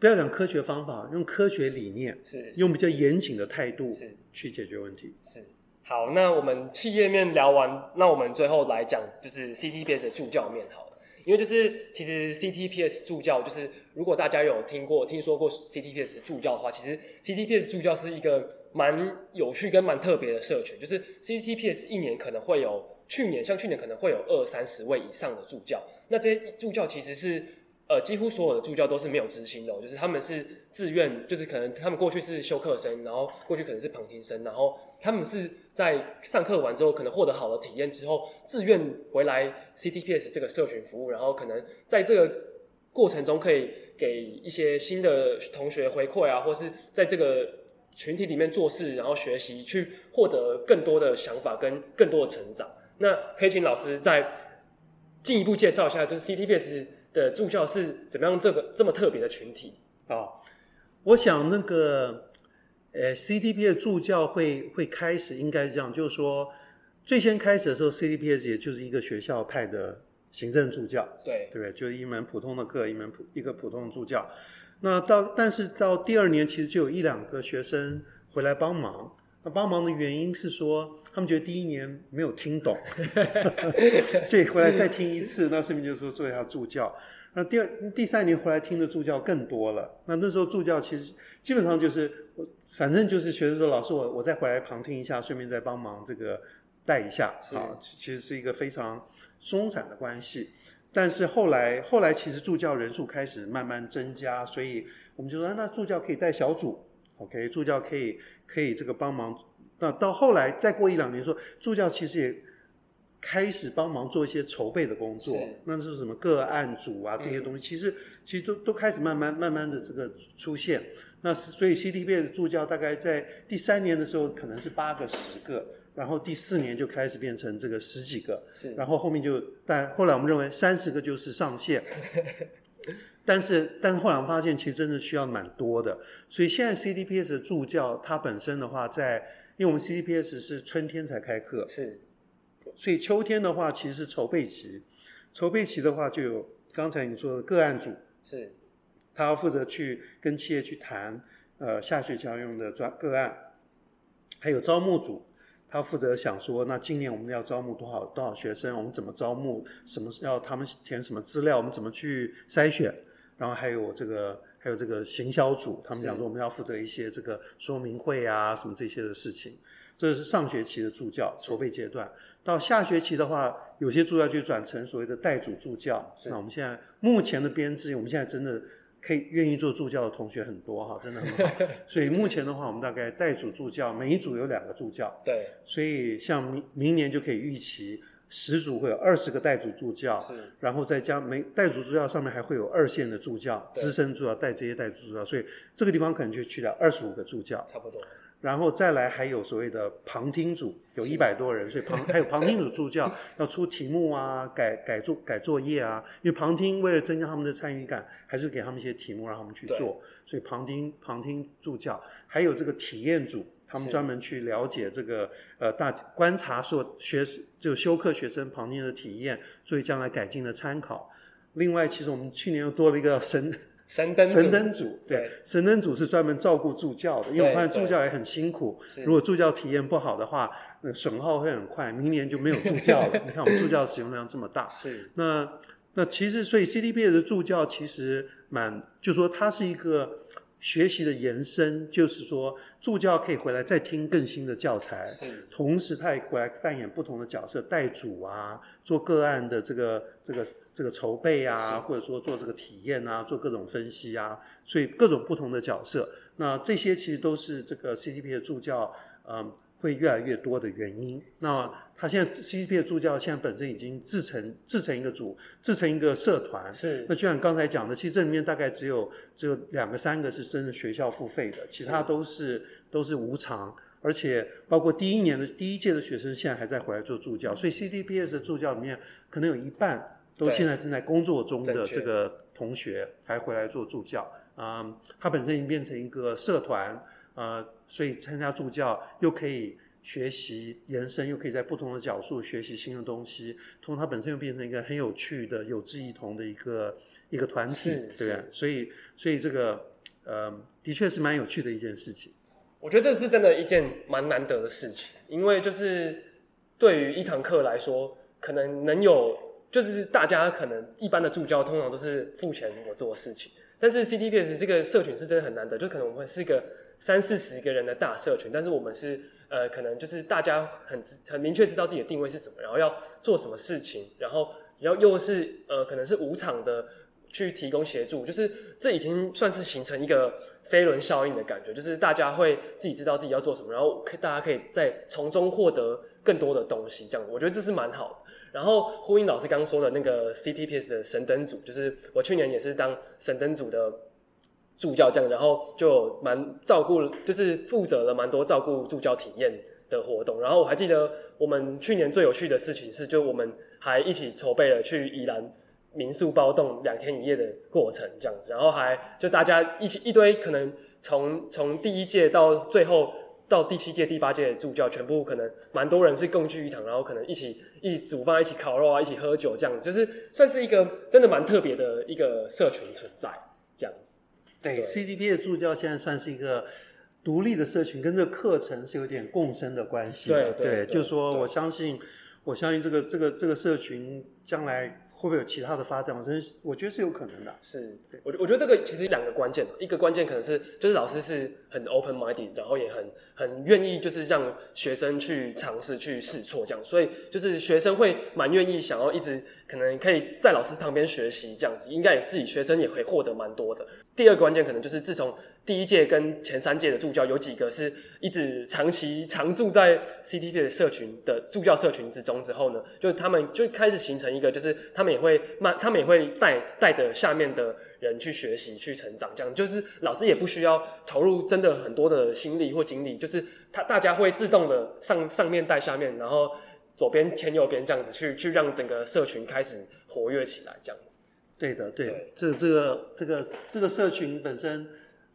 不要講科學方法，用科學理念，是，是，是，是用比較嚴謹的態度去解決問題。是，是。好，那我們企業面聊完，那我們最後來講就是 CTPS 的助教面好了。因為就是其實 CTPS 助教就是如果大家有聽過聽說過 CTPS 助教的話，其實 CTPS 助教是一個。蠻有趣跟蠻特別的社群，就是 CTPS 一年可能會有，去年像去年可能會有二三十位以上的助教，那這些助教其實是呃幾乎所有的助教都是沒有支薪的，就是他們是自願，就是可能他們過去是修課生，然後過去可能是旁聽生，然後他們是在上課完之後可能獲得好的體驗之後，自願回來 CTPS 這個社群服務，然後可能在這個過程中可以給一些新的同學回饋啊，或是在這個。群體裡面做事，然後學習，去獲得更多的想法跟更多的成長。那可以請老師再進一步介紹一下，就是 CTPS 的助教是怎麼樣這個這麼特別的群體啊？哦，我想那個，呃，CTPS 助教會會開始應該是這樣，就是說最先開始的時候，CTPS 也就是一個學校派的行政助教，對對，對不對？就是一門普通的課，一門普一個普通的助教。那到，但是到第二年，其實就有一兩個學生回來幫忙。那幫忙的原因是說，他們覺得第一年沒有聽懂， 所以回來再聽一次，那順便就是說做一下助教。那第二、第三年回來聽的助教更多了。那那時候助教其實基本上就是，反正就是學生說：“老師我，我我再回來旁聽一下，順便再幫忙這個帶一下。是”啊，其實是一個非常鬆散的關係。但是後來，後來其實助教人數開始慢慢增加，所以我們就說，那助教可以帶小組，OK，助教可以可以這個幫忙。那到後來，再過一兩年說，說助教其實也開始幫忙做一些籌備的工作，那是什麼個案組啊這些東西，嗯、其實其實都都開始慢慢慢慢的這個出現。那是所以 CTPS 的助教大概在第三年的時候，可能是八個十個。10個然後第四年就開始變成這個十幾個，是，然後後面就，但後來我們認為三十個就是上限， 但是，但是後來我們發現其實真的需要蠻多的，所以現在 C T P S 助教他本身的話在，在因為我們 C T P S 是春天才開課，是，所以秋天的話其實是籌備期，籌備期的話就有剛才你說的個案組，是，他要負責去跟企業去談，呃，下學期要用的專個案，還有招募組。他負責想說，那今年我們要招募多少多少學生？我們怎麼招募？什麼是要他們填什麼資料？我們怎麼去篩選？然後還有這個，還有這個行銷組，他們想說我們要負責一些這個說明會啊，什麼這些的事情。這是上學期的助教籌備階段。到下學期的話，有些助教就轉成所謂的帶組助教。那我們現在目前的編制，我們現在真的。可以願意做助教的同學很多哈，真的很好。所以目前的話，我們大概帶組助教，每一組有兩個助教。 對。所以像明明年就可以預期十組會有二十個帶組助教。是，然後再加每帶組助教上面還會有二線的助教、資深助教帶這些帶組助、助教，所以這個地方可能就去掉二十五個助教。差不多。然後再來還有所謂的旁聽組，有一百多人，所以旁還有旁聽組助教 要出題目啊，改改作改作業啊。因為旁聽為了增加他們的參與感，還是給他們一些題目讓他們去做。所以旁聽旁聽助教還有這個體驗組，他們專門去了解這個呃大觀察說學生就修課學生旁聽的體驗，所以將來改進的參考。另外，其實我們去年又多了一個神。神燈組，神燈組，對，對，神燈組是專門照顧助教的，因為我發現助教也很辛苦。如果助教體驗不好的話，呃，損耗會很快，明年就沒有助教了。 你看我們助教使用量這麼大，那那其實，所以 CTPS 的助教其實蠻，就說它是一個。學習的延伸，就是說助教可以回來再聽更新的教材，是。同時，他也回來扮演不同的角色，帶組啊，做個案的這個這個這個籌備啊，或者說做這個體驗啊，做各種分析啊，所以各種不同的角色。那這些其實都是這個 CTPS 的助教，嗯。會越來越多的原因。那他現在 CTPS 的助教現在本身已經自成制成一個組，自成一個社團。是。那就像剛才講的，其實這裡面大概只有只有兩個三個是真的學校付費的，其他都是，是都是無償。而且包括第一年的第一屆的學生現在還在回來做助教，嗯、所以 CTPS 的助教裡面可能有一半都現在正在工作中的這個同學還回來做助教啊、嗯。他本身已經變成一個社團啊。呃所以參加助教又可以學習延伸，又可以在不同的角度學習新的東西，同時它本身又變成一個很有趣的有志一同的一個一個團體，對。所以所以這個，呃，的確是蠻有趣的一件事情。我覺得這是真的一件蠻難得的事情，因為就是對於一堂課來說，可能能有就是大家可能一般的助教通常都是付錢我做的事情，但是 CTPS 這個社群是真的很難得，就可能我們是一個。三四十個人的大社群，但是我們是呃，可能就是大家很很明確知道自己的定位是什麼，然後要做什麼事情，然後然後又是呃，可能是無償的去提供協助，就是這已經算是形成一個飛輪效應的感覺，就是大家會自己知道自己要做什麼，然後大家可以再從中獲得更多的東西，這樣我覺得這是蠻好的。然後呼應老師剛剛說的那個 CTPS 的神燈組，就是我去年也是當神燈組的。助教這樣，然後就蠻照顧，就是負責了蠻多照顧助教體驗的活動。然後我還記得我們去年最有趣的事情是，就我們還一起籌備了去宜蘭民宿包棟兩天一夜的過程這樣子。然後還就大家一起一堆，可能從從第一屆到最後到第七屆、第八屆助教，全部可能蠻多人是共聚一堂，然後可能一起一起煮飯一起烤肉啊，一起喝酒這樣子，就是算是一個真的蠻特別的一個社群存在這樣子。對，CTPS 的助教現在算是一個獨立的社群，跟這個課程是有點共生的關係。對，對對對對就是說我相信，我相信這個這個這個社群將來。會不會有其他的發展？我真我覺得是有可能的。是，我我覺得這個其實兩個關鍵，一個關鍵可能是就是老師是很 open-minded，然後也很很願意就是讓學生去嘗試去試錯這樣，所以就是學生會蠻願意想要一直可能可以在老師旁邊學習這樣子，應該自己學生也可以獲得蠻多的。第二個關鍵可能就是自從。第一屆跟前三屆的助教有幾個是一直長期常駐在 CTPS 的社群的助教社群之中，之後呢，就他們就開始形成一個，就是他們也會慢，他們也會帶帶着下面的人去學習、去成長，這樣就是老師也不需要投入真的很多的心力或精力，就是他大家會自動的上上面帶下面，然後左邊牽右邊，這樣子去去讓整個社群開始活躍起來，這樣子。對的，對的，對，這個、這個這個這個社群本身。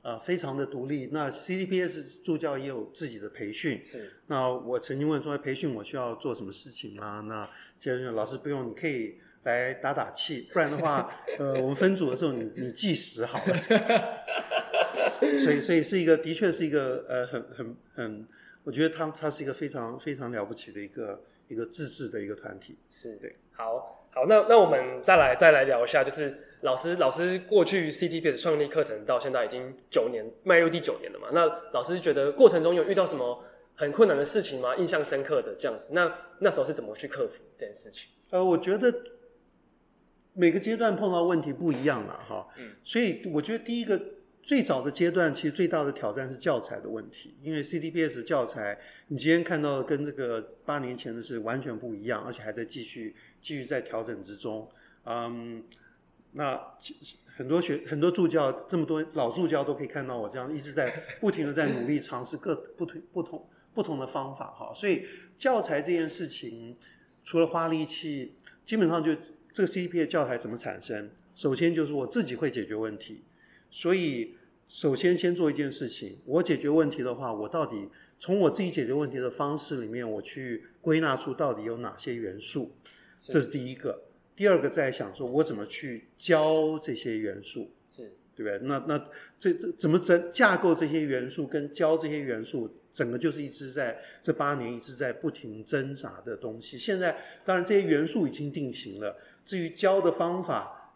啊、呃，非常的獨立。那 CTPS 助教也有自己的培訓。是。那我曾經問說，培訓我需要做什麼事情嗎？那傑倫老師，不用，你可以來打打氣，不然的話，呃，我們分組的時候你你計時好了。 所以，所以是一個，的確是一個，呃，很很很，我覺得他他是一個非常非常了不起的一個一個自治的一個團體。是對。好好，那那我們再來再來聊一下，就是。老師，老師，過去 CTPS 創立課程到現在已經九年，邁入第九年了嘛？那老師覺得過程中有遇到什麼很困難的事情嗎？印象深刻的這樣子？那那時候是怎麼去克服這件事情？呃，我覺得每個階段碰到問題不一樣嘛，哈。嗯。所以我覺得第一個最早的階段，其實最大的挑戰是教材的問題，因為 CTPS 教材，你今天看到的跟這個八年前的是完全不一樣，而且還在繼續繼續在調整之中，嗯。那很多學很多助教，這麼多老助教都可以看到我這樣一直在不停的在努力嘗試各 不同不同不同的方法哈，所以教材這件事情除了花力氣，基本上就這個 CTPS 教材怎麼產生，首先就是我自己會解決問題，所以首先先做一件事情，我解決問題的話，我到底從我自己解決問題的方式裡面，我去歸納出到底有哪些元素，這是第一個。第二個在想說，我怎麼去教這些元素，是對不對？那那這這怎麼整架構這些元素跟教這些元素，整個就是一直在這八年一直在不停掙扎的東西。現在當然這些元素已經定型了，至於教的方法，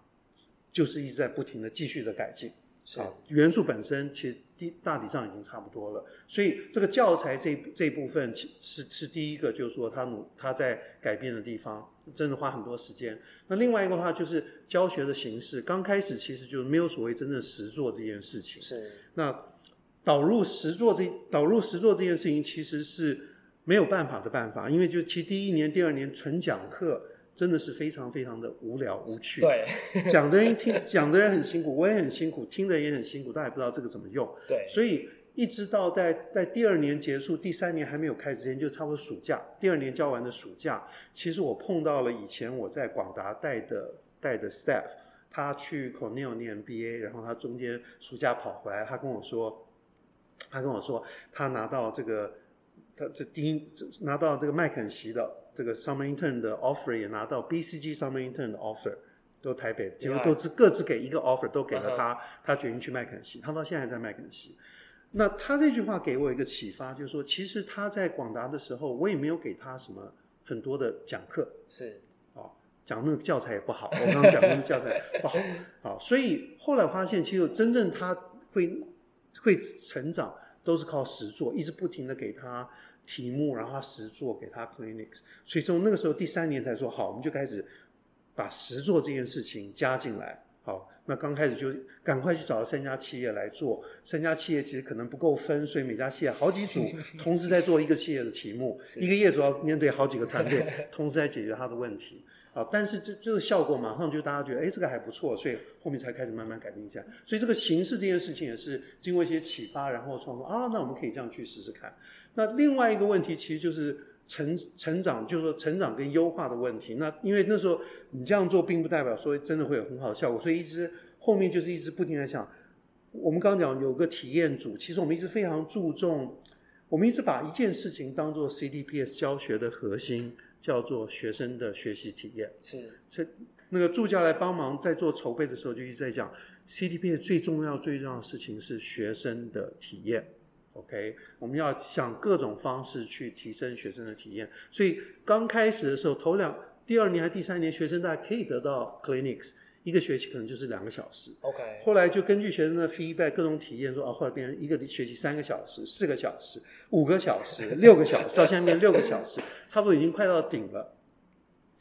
就是一直在不停的繼續的改進。是、啊、元素本身其實第大體上已經差不多了，所以這個教材這這部分是是第一個，就是說他努他在改變的地方。真的花很多時間。那另外一個的話就是教學的形式，剛開始其實就是沒有所謂真正實做這件事情。是。那導入實做這導入實做這件事情其實是沒有辦法的辦法，因為就其實第一年、第二年純講課真的是非常非常的無聊無趣。對。講的人聽，講的人很辛苦，我也很辛苦，聽的人也很辛苦，大家也不知道這個怎麼用。對。所以。一直到在在第二年結束，第三年還沒有開之前，就差不多暑假。第二年交完的暑假，其實我碰到了以前我在廣達帶的帶的 staff，他去 Cornell 念 MBA，然後他中間暑假跑回來，他跟我說，他跟我說，他拿到這個他這第一，拿到這個麥肯錫的這個 summer intern 的 offer，也拿到 BCG summer intern 的 offer，都台北，結果都只各自給一個 offer，都給了他，他決定去麥肯錫，他到現在還在麥肯錫。那他這句話給我一個啟發，就是說，其實他在廣達的時候，我也沒有給他什麼很多的講課，是哦，講那個教材也不好， 我剛剛講那個教材也不好，好，所以後來我發現，其實真正他會會成長，都是靠實作，一直不停的給他題目，然後他實作，給他 clinics，所以從那個時候第三年才說好，我們就開始把實作這件事情加進來，好。那剛開始就趕快去找了三家企業來做，三家企業其實可能不夠分，所以每家企業好幾組同時在做一個企業的題目， 一個業主要面對好幾個團隊， 同時在解決他的問題。啊，但是這這個效果，馬上就大家覺得，哎，這個還不錯，所以後面才開始慢慢改進一下。所以這個形式這件事情也是經過一些啟發，然後創作啊，那我們可以這樣去試試看。那另外一個問題其實就是。成成長就是說成長跟優化的問題。那因為那時候你這樣做，並不代表說真的會有很好的效果，所以一直後面就是一直不停在想。我們剛剛講有個體驗組，其實我們一直非常注重，我們一直把一件事情當做 CTPS 教學的核心，叫做學生的學習體驗。是，是。那個助教來幫忙在做籌備的時候，就一直在講 CTPS 最重要、最重要的事情是學生的體驗。OK，我們要想各種方式去提升學生的體驗。所以剛開始的時候，頭兩、第二年還是第三年，學生大概可以得到 Clinics 一個學期可能就是兩個小時。OK，後來就根據學生的 feedback 各種體驗說，啊，後來變成一個學期三個小時、四個小時、五個小時、六個小時， 到現在變六個小時，差不多已經快到頂了。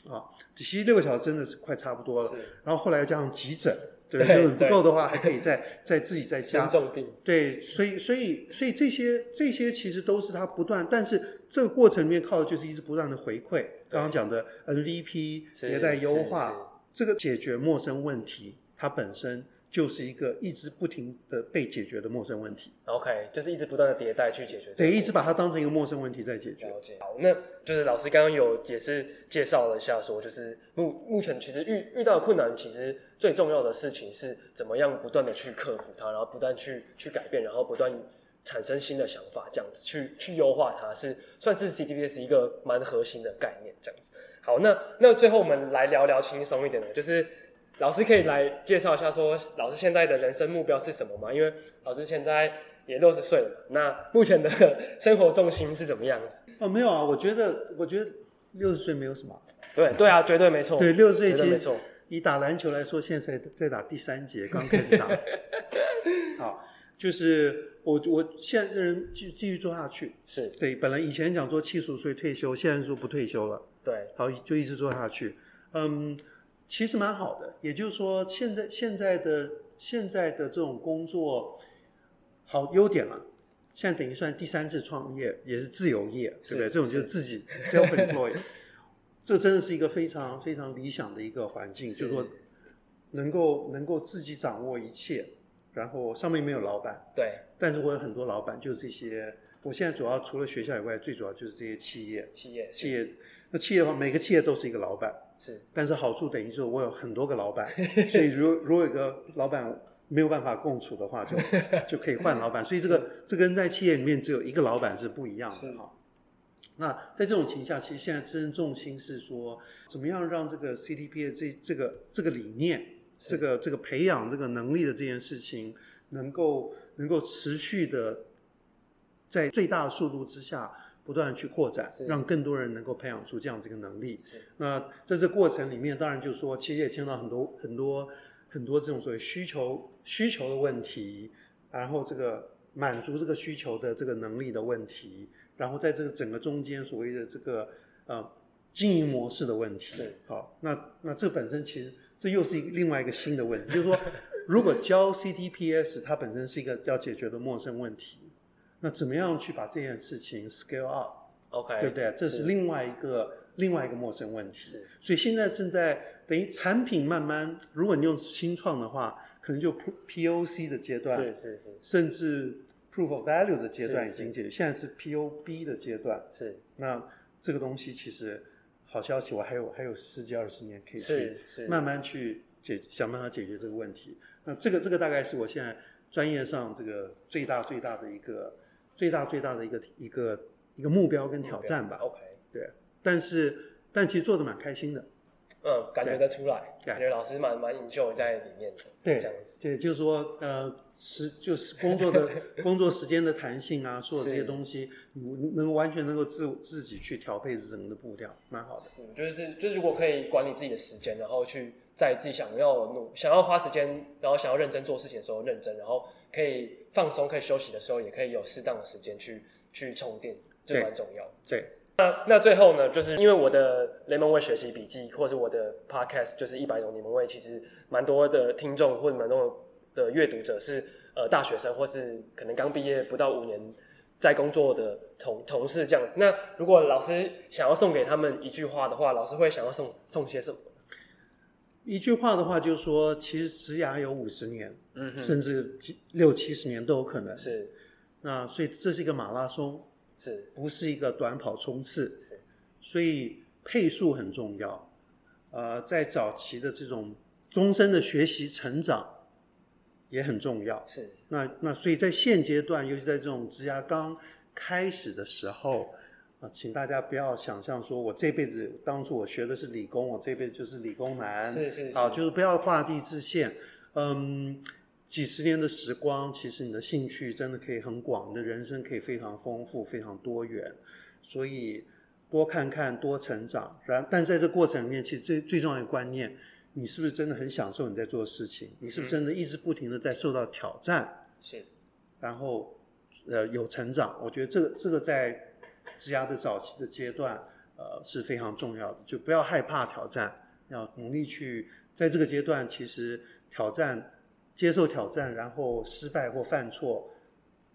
啊，其實六個小時真的是快差不多了。然後後來加上急診。對，就是不夠的話，還可以再再自己再加。重病。對，所以所以所以這些這些其實都是它不斷，但是這個過程裡面靠的就是一直不斷的回饋。剛剛講的 MVP 迭代優化，這個解決陌生問題，它本身就是一個一直不停的被解決的陌生問題。OK，就是一直不斷的迭代去解決。對，一直把它當成一個陌生問題在解決。了解。好，那就是老師剛剛有解釋介紹了一下，說就是目目前其實遇遇到的困難其實。最重要的事情是怎麼樣不斷的去克服它，然後不斷去去改變，然後不斷產生新的想法，這樣子去去優化它是，是算是 CTPS 一個蠻核心的概念，這樣子。好，那那最後我們來聊聊輕鬆一點的，就是老師可以來介紹一下，說老師現在的人生目標是什麼嗎？因為老師現在也六十歲了，那目前的生活重心是怎麼樣子？哦，沒有啊，我覺得我覺得六十歲沒有什麼。對對啊，絕對沒錯。對，六十歲其實。以打籃球來說，現在在打第三節，剛開始打。 好，就是我我現在這人繼繼續做下去，是對。本來以前講做七十五歲退休，現在說不退休了。對。好，就一直做下去。嗯，其實蠻好的。也就是說現，現在現在的現在的這種工作，好優點嘛，現在等於算第三次創業，也是自由業，對不對？這種就是自己 self-employed。 這真的是一個非常非常理想的一個環境，是就是說能夠能夠自己掌握一切，然後上面沒有老闆。對。但是我有很多老闆，就是這些。我現在主要除了學校以外，最主要就是這些企業。企業，企業。那企業的話，每個企業都是一個老闆。是。但是好處等於說，我有很多個老闆， 所以如果如果有一個老闆沒有辦法共處的話，就就可以換老闆。所以這個這跟在企業裡面只有一個老闆是不一樣的。是那在這種情況下，其實現在真正重心是說，怎麼樣讓這個 CTPS 這這個這個理念，這個這個培養這個能力的這件事情，能夠能夠持續的，在最大的速度之下不斷去擴展，讓更多人能夠培養出這樣這個能力。是。那在這過程裡面，當然就是說，其實也牽扯到很多很多很多這種所謂需求需求的問題，然後這個滿足這個需求的這個能力的問題。然後在這個整個中間所謂的這個呃經營模式的問題，是，好，那那這本身其實這又是一個另外一個新的問題，就是說， 如果教 CTPS，它本身是一個要解決的陌生問題，那怎麼樣去把這件事情 scale up，OK，、嗯、對不對？這是另外一個另外一個陌生問題，嗯、是，所以現在正在等於產品慢慢，如果你用新創的話，可能就 P P O C 的階段，是是是，甚至。Proof of value 的階段已經解決，現在是 POB 的階段。是，那這個東西其實好消息，我還有我還有十幾二十年可以去慢慢去解、解想辦法解決這個問題。那這個這個大概是我現在專業上這個最大最大的一個最大最大的一個一個一個目標跟挑戰吧。OK，對，但是但其實做得蠻開心的。嗯，感覺得出來，感覺老師蠻蠻享受，在裡面的。對，這樣子。對，對就是說，呃，時就是工作的 工作時間的彈性啊，所有這些東西，能完全能夠自自己去調配整個的步調，蠻好的。是，就是就是，如果可以管理自己的時間，然後去在自己想要努想要花時間，然後想要認真做事情的時候認真，然後可以放鬆可以休息的時候，也可以有適當的時間去去充電，這蠻重要對。對。那那最後呢，就是因為我的 Lemonway 學習筆記，或者是我的 podcast，就是一百種檸檬味，其實蠻多的聽眾或者蠻多的閱讀者是呃大學生或是可能剛畢業不到五年在工作的同同事這樣子。那如果老師想要送給他們一句話的話，老師會想要送送些什麼？一句話的話，就是說其實職涯有五十年，嗯哼，甚至六七十年都有可能。是，那所以這是一個馬拉松。是不是一個短跑衝刺？是，所以配速很重要。呃，在早期的這種終身的學習成長也很重要。是。那那，所以在現階段，尤其在這種職涯剛開始的時候啊、呃，請大家不要想象說我這輩子當初我學的是理工，我這輩子就是理工男。是是，是。好、啊，就是不要畫地自限。嗯。幾十年的時光，其實你的興趣真的可以很廣，你的人生可以非常豐富、非常多元。所以多看看、多成長。然，但在這個過程裡面，其實最最重要的觀念，你是不是真的很享受你在做事情？你是不是真的一直不停地在受到挑戰？是、Mm-hmm。然後，呃，有成長。我覺得這個這個在職涯的早期的階段，呃，是非常重要的。就不要害怕挑戰，要努力去在這個階段，其實挑戰。接受挑戰，然後失敗或犯錯，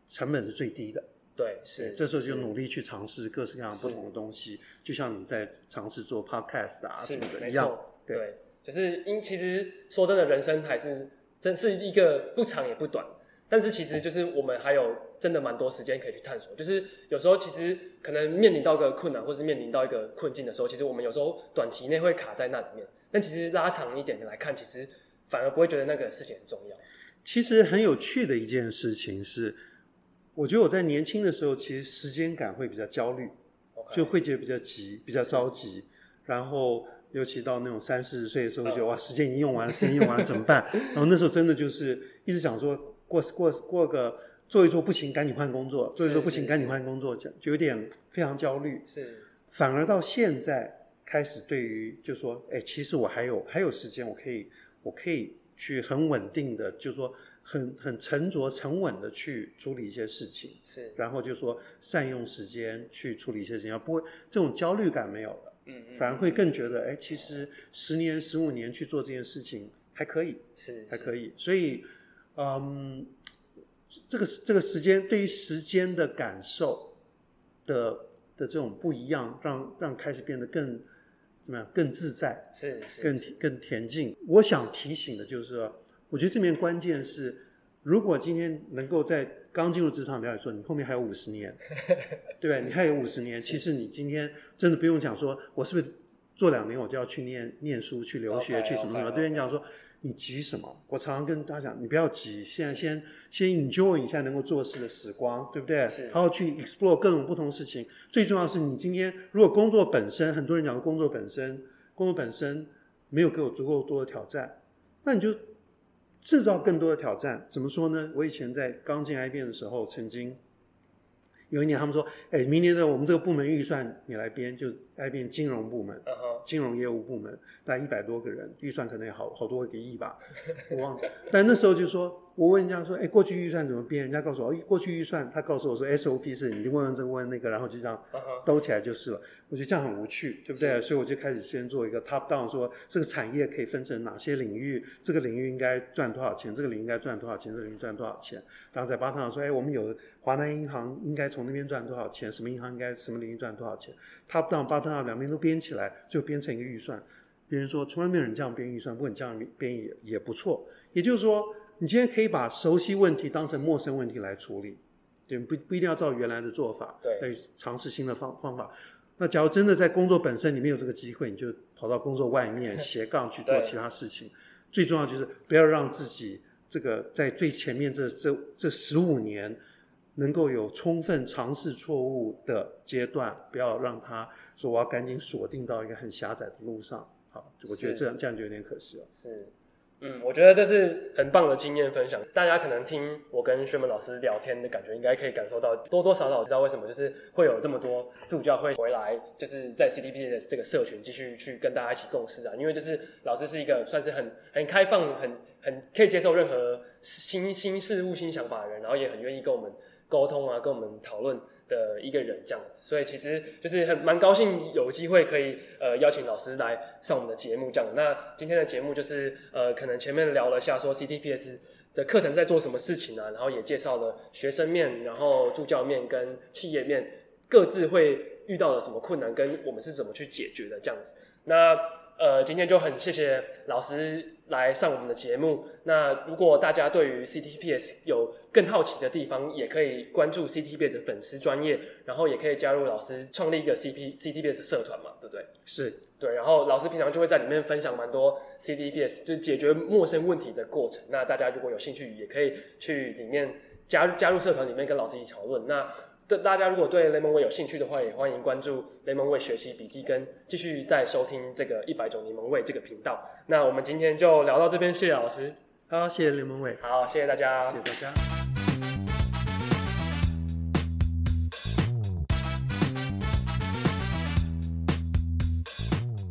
成本是最低的。對，是，這時候就努力去嘗試各式各樣不同的東西，就像你在嘗試做 Podcast 啊什麼的一樣。對，對，就是因其實說真的，人生還是真是一個不長也不短，但是其實就是我們還有真的蠻多時間可以去探索。就是有時候其實可能面臨到一個困難，或是面臨到一個困境的時候，其實我們有時候短期內會卡在那裡面，但其實拉長一點點來看，其實。反而不會覺得那個事情很重要。其實很有趣的一件事情是，我覺得我在年輕的時候，其實時間感會比較焦慮，Okay. 就會覺得比較急、比較着急。然後，尤其到那種三四十歲的時候覺得，就、嗯、哇，時間已經用完了，時間用完了 怎麼辦？然後那時候真的就是一直想說，過過過個做一做不行，趕緊換工作；做一做不行，趕緊換工作，就就有點非常焦慮。是，反而到現在開始，對於就說，哎、欸，其實我還有還有時間，我可以。我可以去很穩定的，就是說很很沉着沉穩的去處理一些事情，是，然後就說善用時間去處理一些事情，而不會這種焦慮感沒有了，嗯，反而會更覺得，哎，其實十年十五年去做這件事情還可以，是還可以，所以，嗯，這個這個時間對於時間的感受的的這種不一樣，讓讓開始變得更。怎麼樣？更自在是是，是，是更更恬靜。我想提醒的就是說，我覺得這面關鍵是，如果今天能夠在剛進入職場說，了解，說你後面還有五十年， 對，你還有五十年，其實你今天真的不用想說，我是不是做兩年我就要去念念書、去留學、okay, 去什麼什麼？Okay, okay, okay. 對，你講說。你急什麼？我常常跟大家講，你不要急，現在先先 enjoy 一下能夠做事的時光，對不對？然後去 explore 各種不同的事情。最重要是你今天如果工作本身，很多人講的工作本身，工作本身沒有給我足夠多的挑戰，那你就制造更多的挑戰。怎麼說呢？我以前在剛進 IBM 的時候，曾經有一年，他們說：“哎，明年的我們這個部門預算你來編。”就改變金融部門，uh -huh. 金融業務部門大概一百多個人，預算可能有好好多個億吧，我忘記了。但那時候就說，我問人家說，哎、欸，過去預算怎麼編？人家告訴我，過去預算他告訴我說、欸、，SOP 是，你就問問這個、問那個，然後就這樣兜起來就是了。Uh -huh. 我覺得這樣很無趣，對不對？所以我就開始先做一個 Top Down，說這個產業可以分成哪些領域，這個領域應該賺多少錢，這個領域應該賺多少錢，這個領域賺多、這個、多少錢。然後在巴特爾說，哎、欸，我們有華南銀行應該從那邊賺多少錢，什麼銀行應該什麼領域賺多少錢，Top Down 巴。那兩邊都編起來，就編成一個預算。別人說從來沒有人這樣編預算，不過你這樣編也也不錯。也就是說，你今天可以把熟悉問題當成陌生問題來處理，對不？不一定要照原來的做法，對，再嘗試新的方方法。那假如真的在工作本身你沒有這個機會，你就跑到工作外面斜槓去做其他事情。最重要就是不要讓自己這個在最前面這這這十五年，能夠有充分嘗試錯誤的階段，不要讓他說，我要趕緊鎖定到一個很狹窄的路上。好，我覺得這樣這樣就有點可惜了。是，嗯，我覺得這是很棒的經驗分享。大家可能聽我跟 Sherman 老師聊天的感覺，應該可以感受到多多少少知道為什麼就是會有這麼多助教會回來，就是在 CTPS 的這個社群繼續去跟大家一起共事啊。因為就是老師是一個算是很很開放、很很可以接受任何新新事物、新想法的人，然後也很願意跟我們。溝通啊，跟我們討論的一個人這樣子，所以其實就是很蠻高興有機會可以呃邀請老師來上我們的節目這樣子。那今天的節目就是呃可能前面聊了一下說 CTPS 的課程在做什麼事情啊，然後也介紹了學生面、然後助教面跟企業面各自會遇到的什麼困難，跟我們是怎麼去解決的這樣子。那呃，今天就很謝謝老師來上我們的節目。那如果大家對於 CTPS 有更好奇的地方，也可以關注 CTPS 的粉絲專頁，然後也可以加入老師創立一個 CP CTPS 社團嘛，對不對，對？是對。然後老師平常就會在裡面分享蠻多 CTPS，就解決陌生問題的過程。那大家如果有興趣，也可以去裡面加加入社團裡面跟老師一起討論。那對，大家如果對 Lemonway 有興趣的話，也歡迎關注 Lemonway 學習筆記跟繼續再收聽這個一百種檸檬味這個頻道。那我們今天就聊到這邊，謝謝老師。好，謝謝 Lemonway。好，謝謝大家。謝謝大家。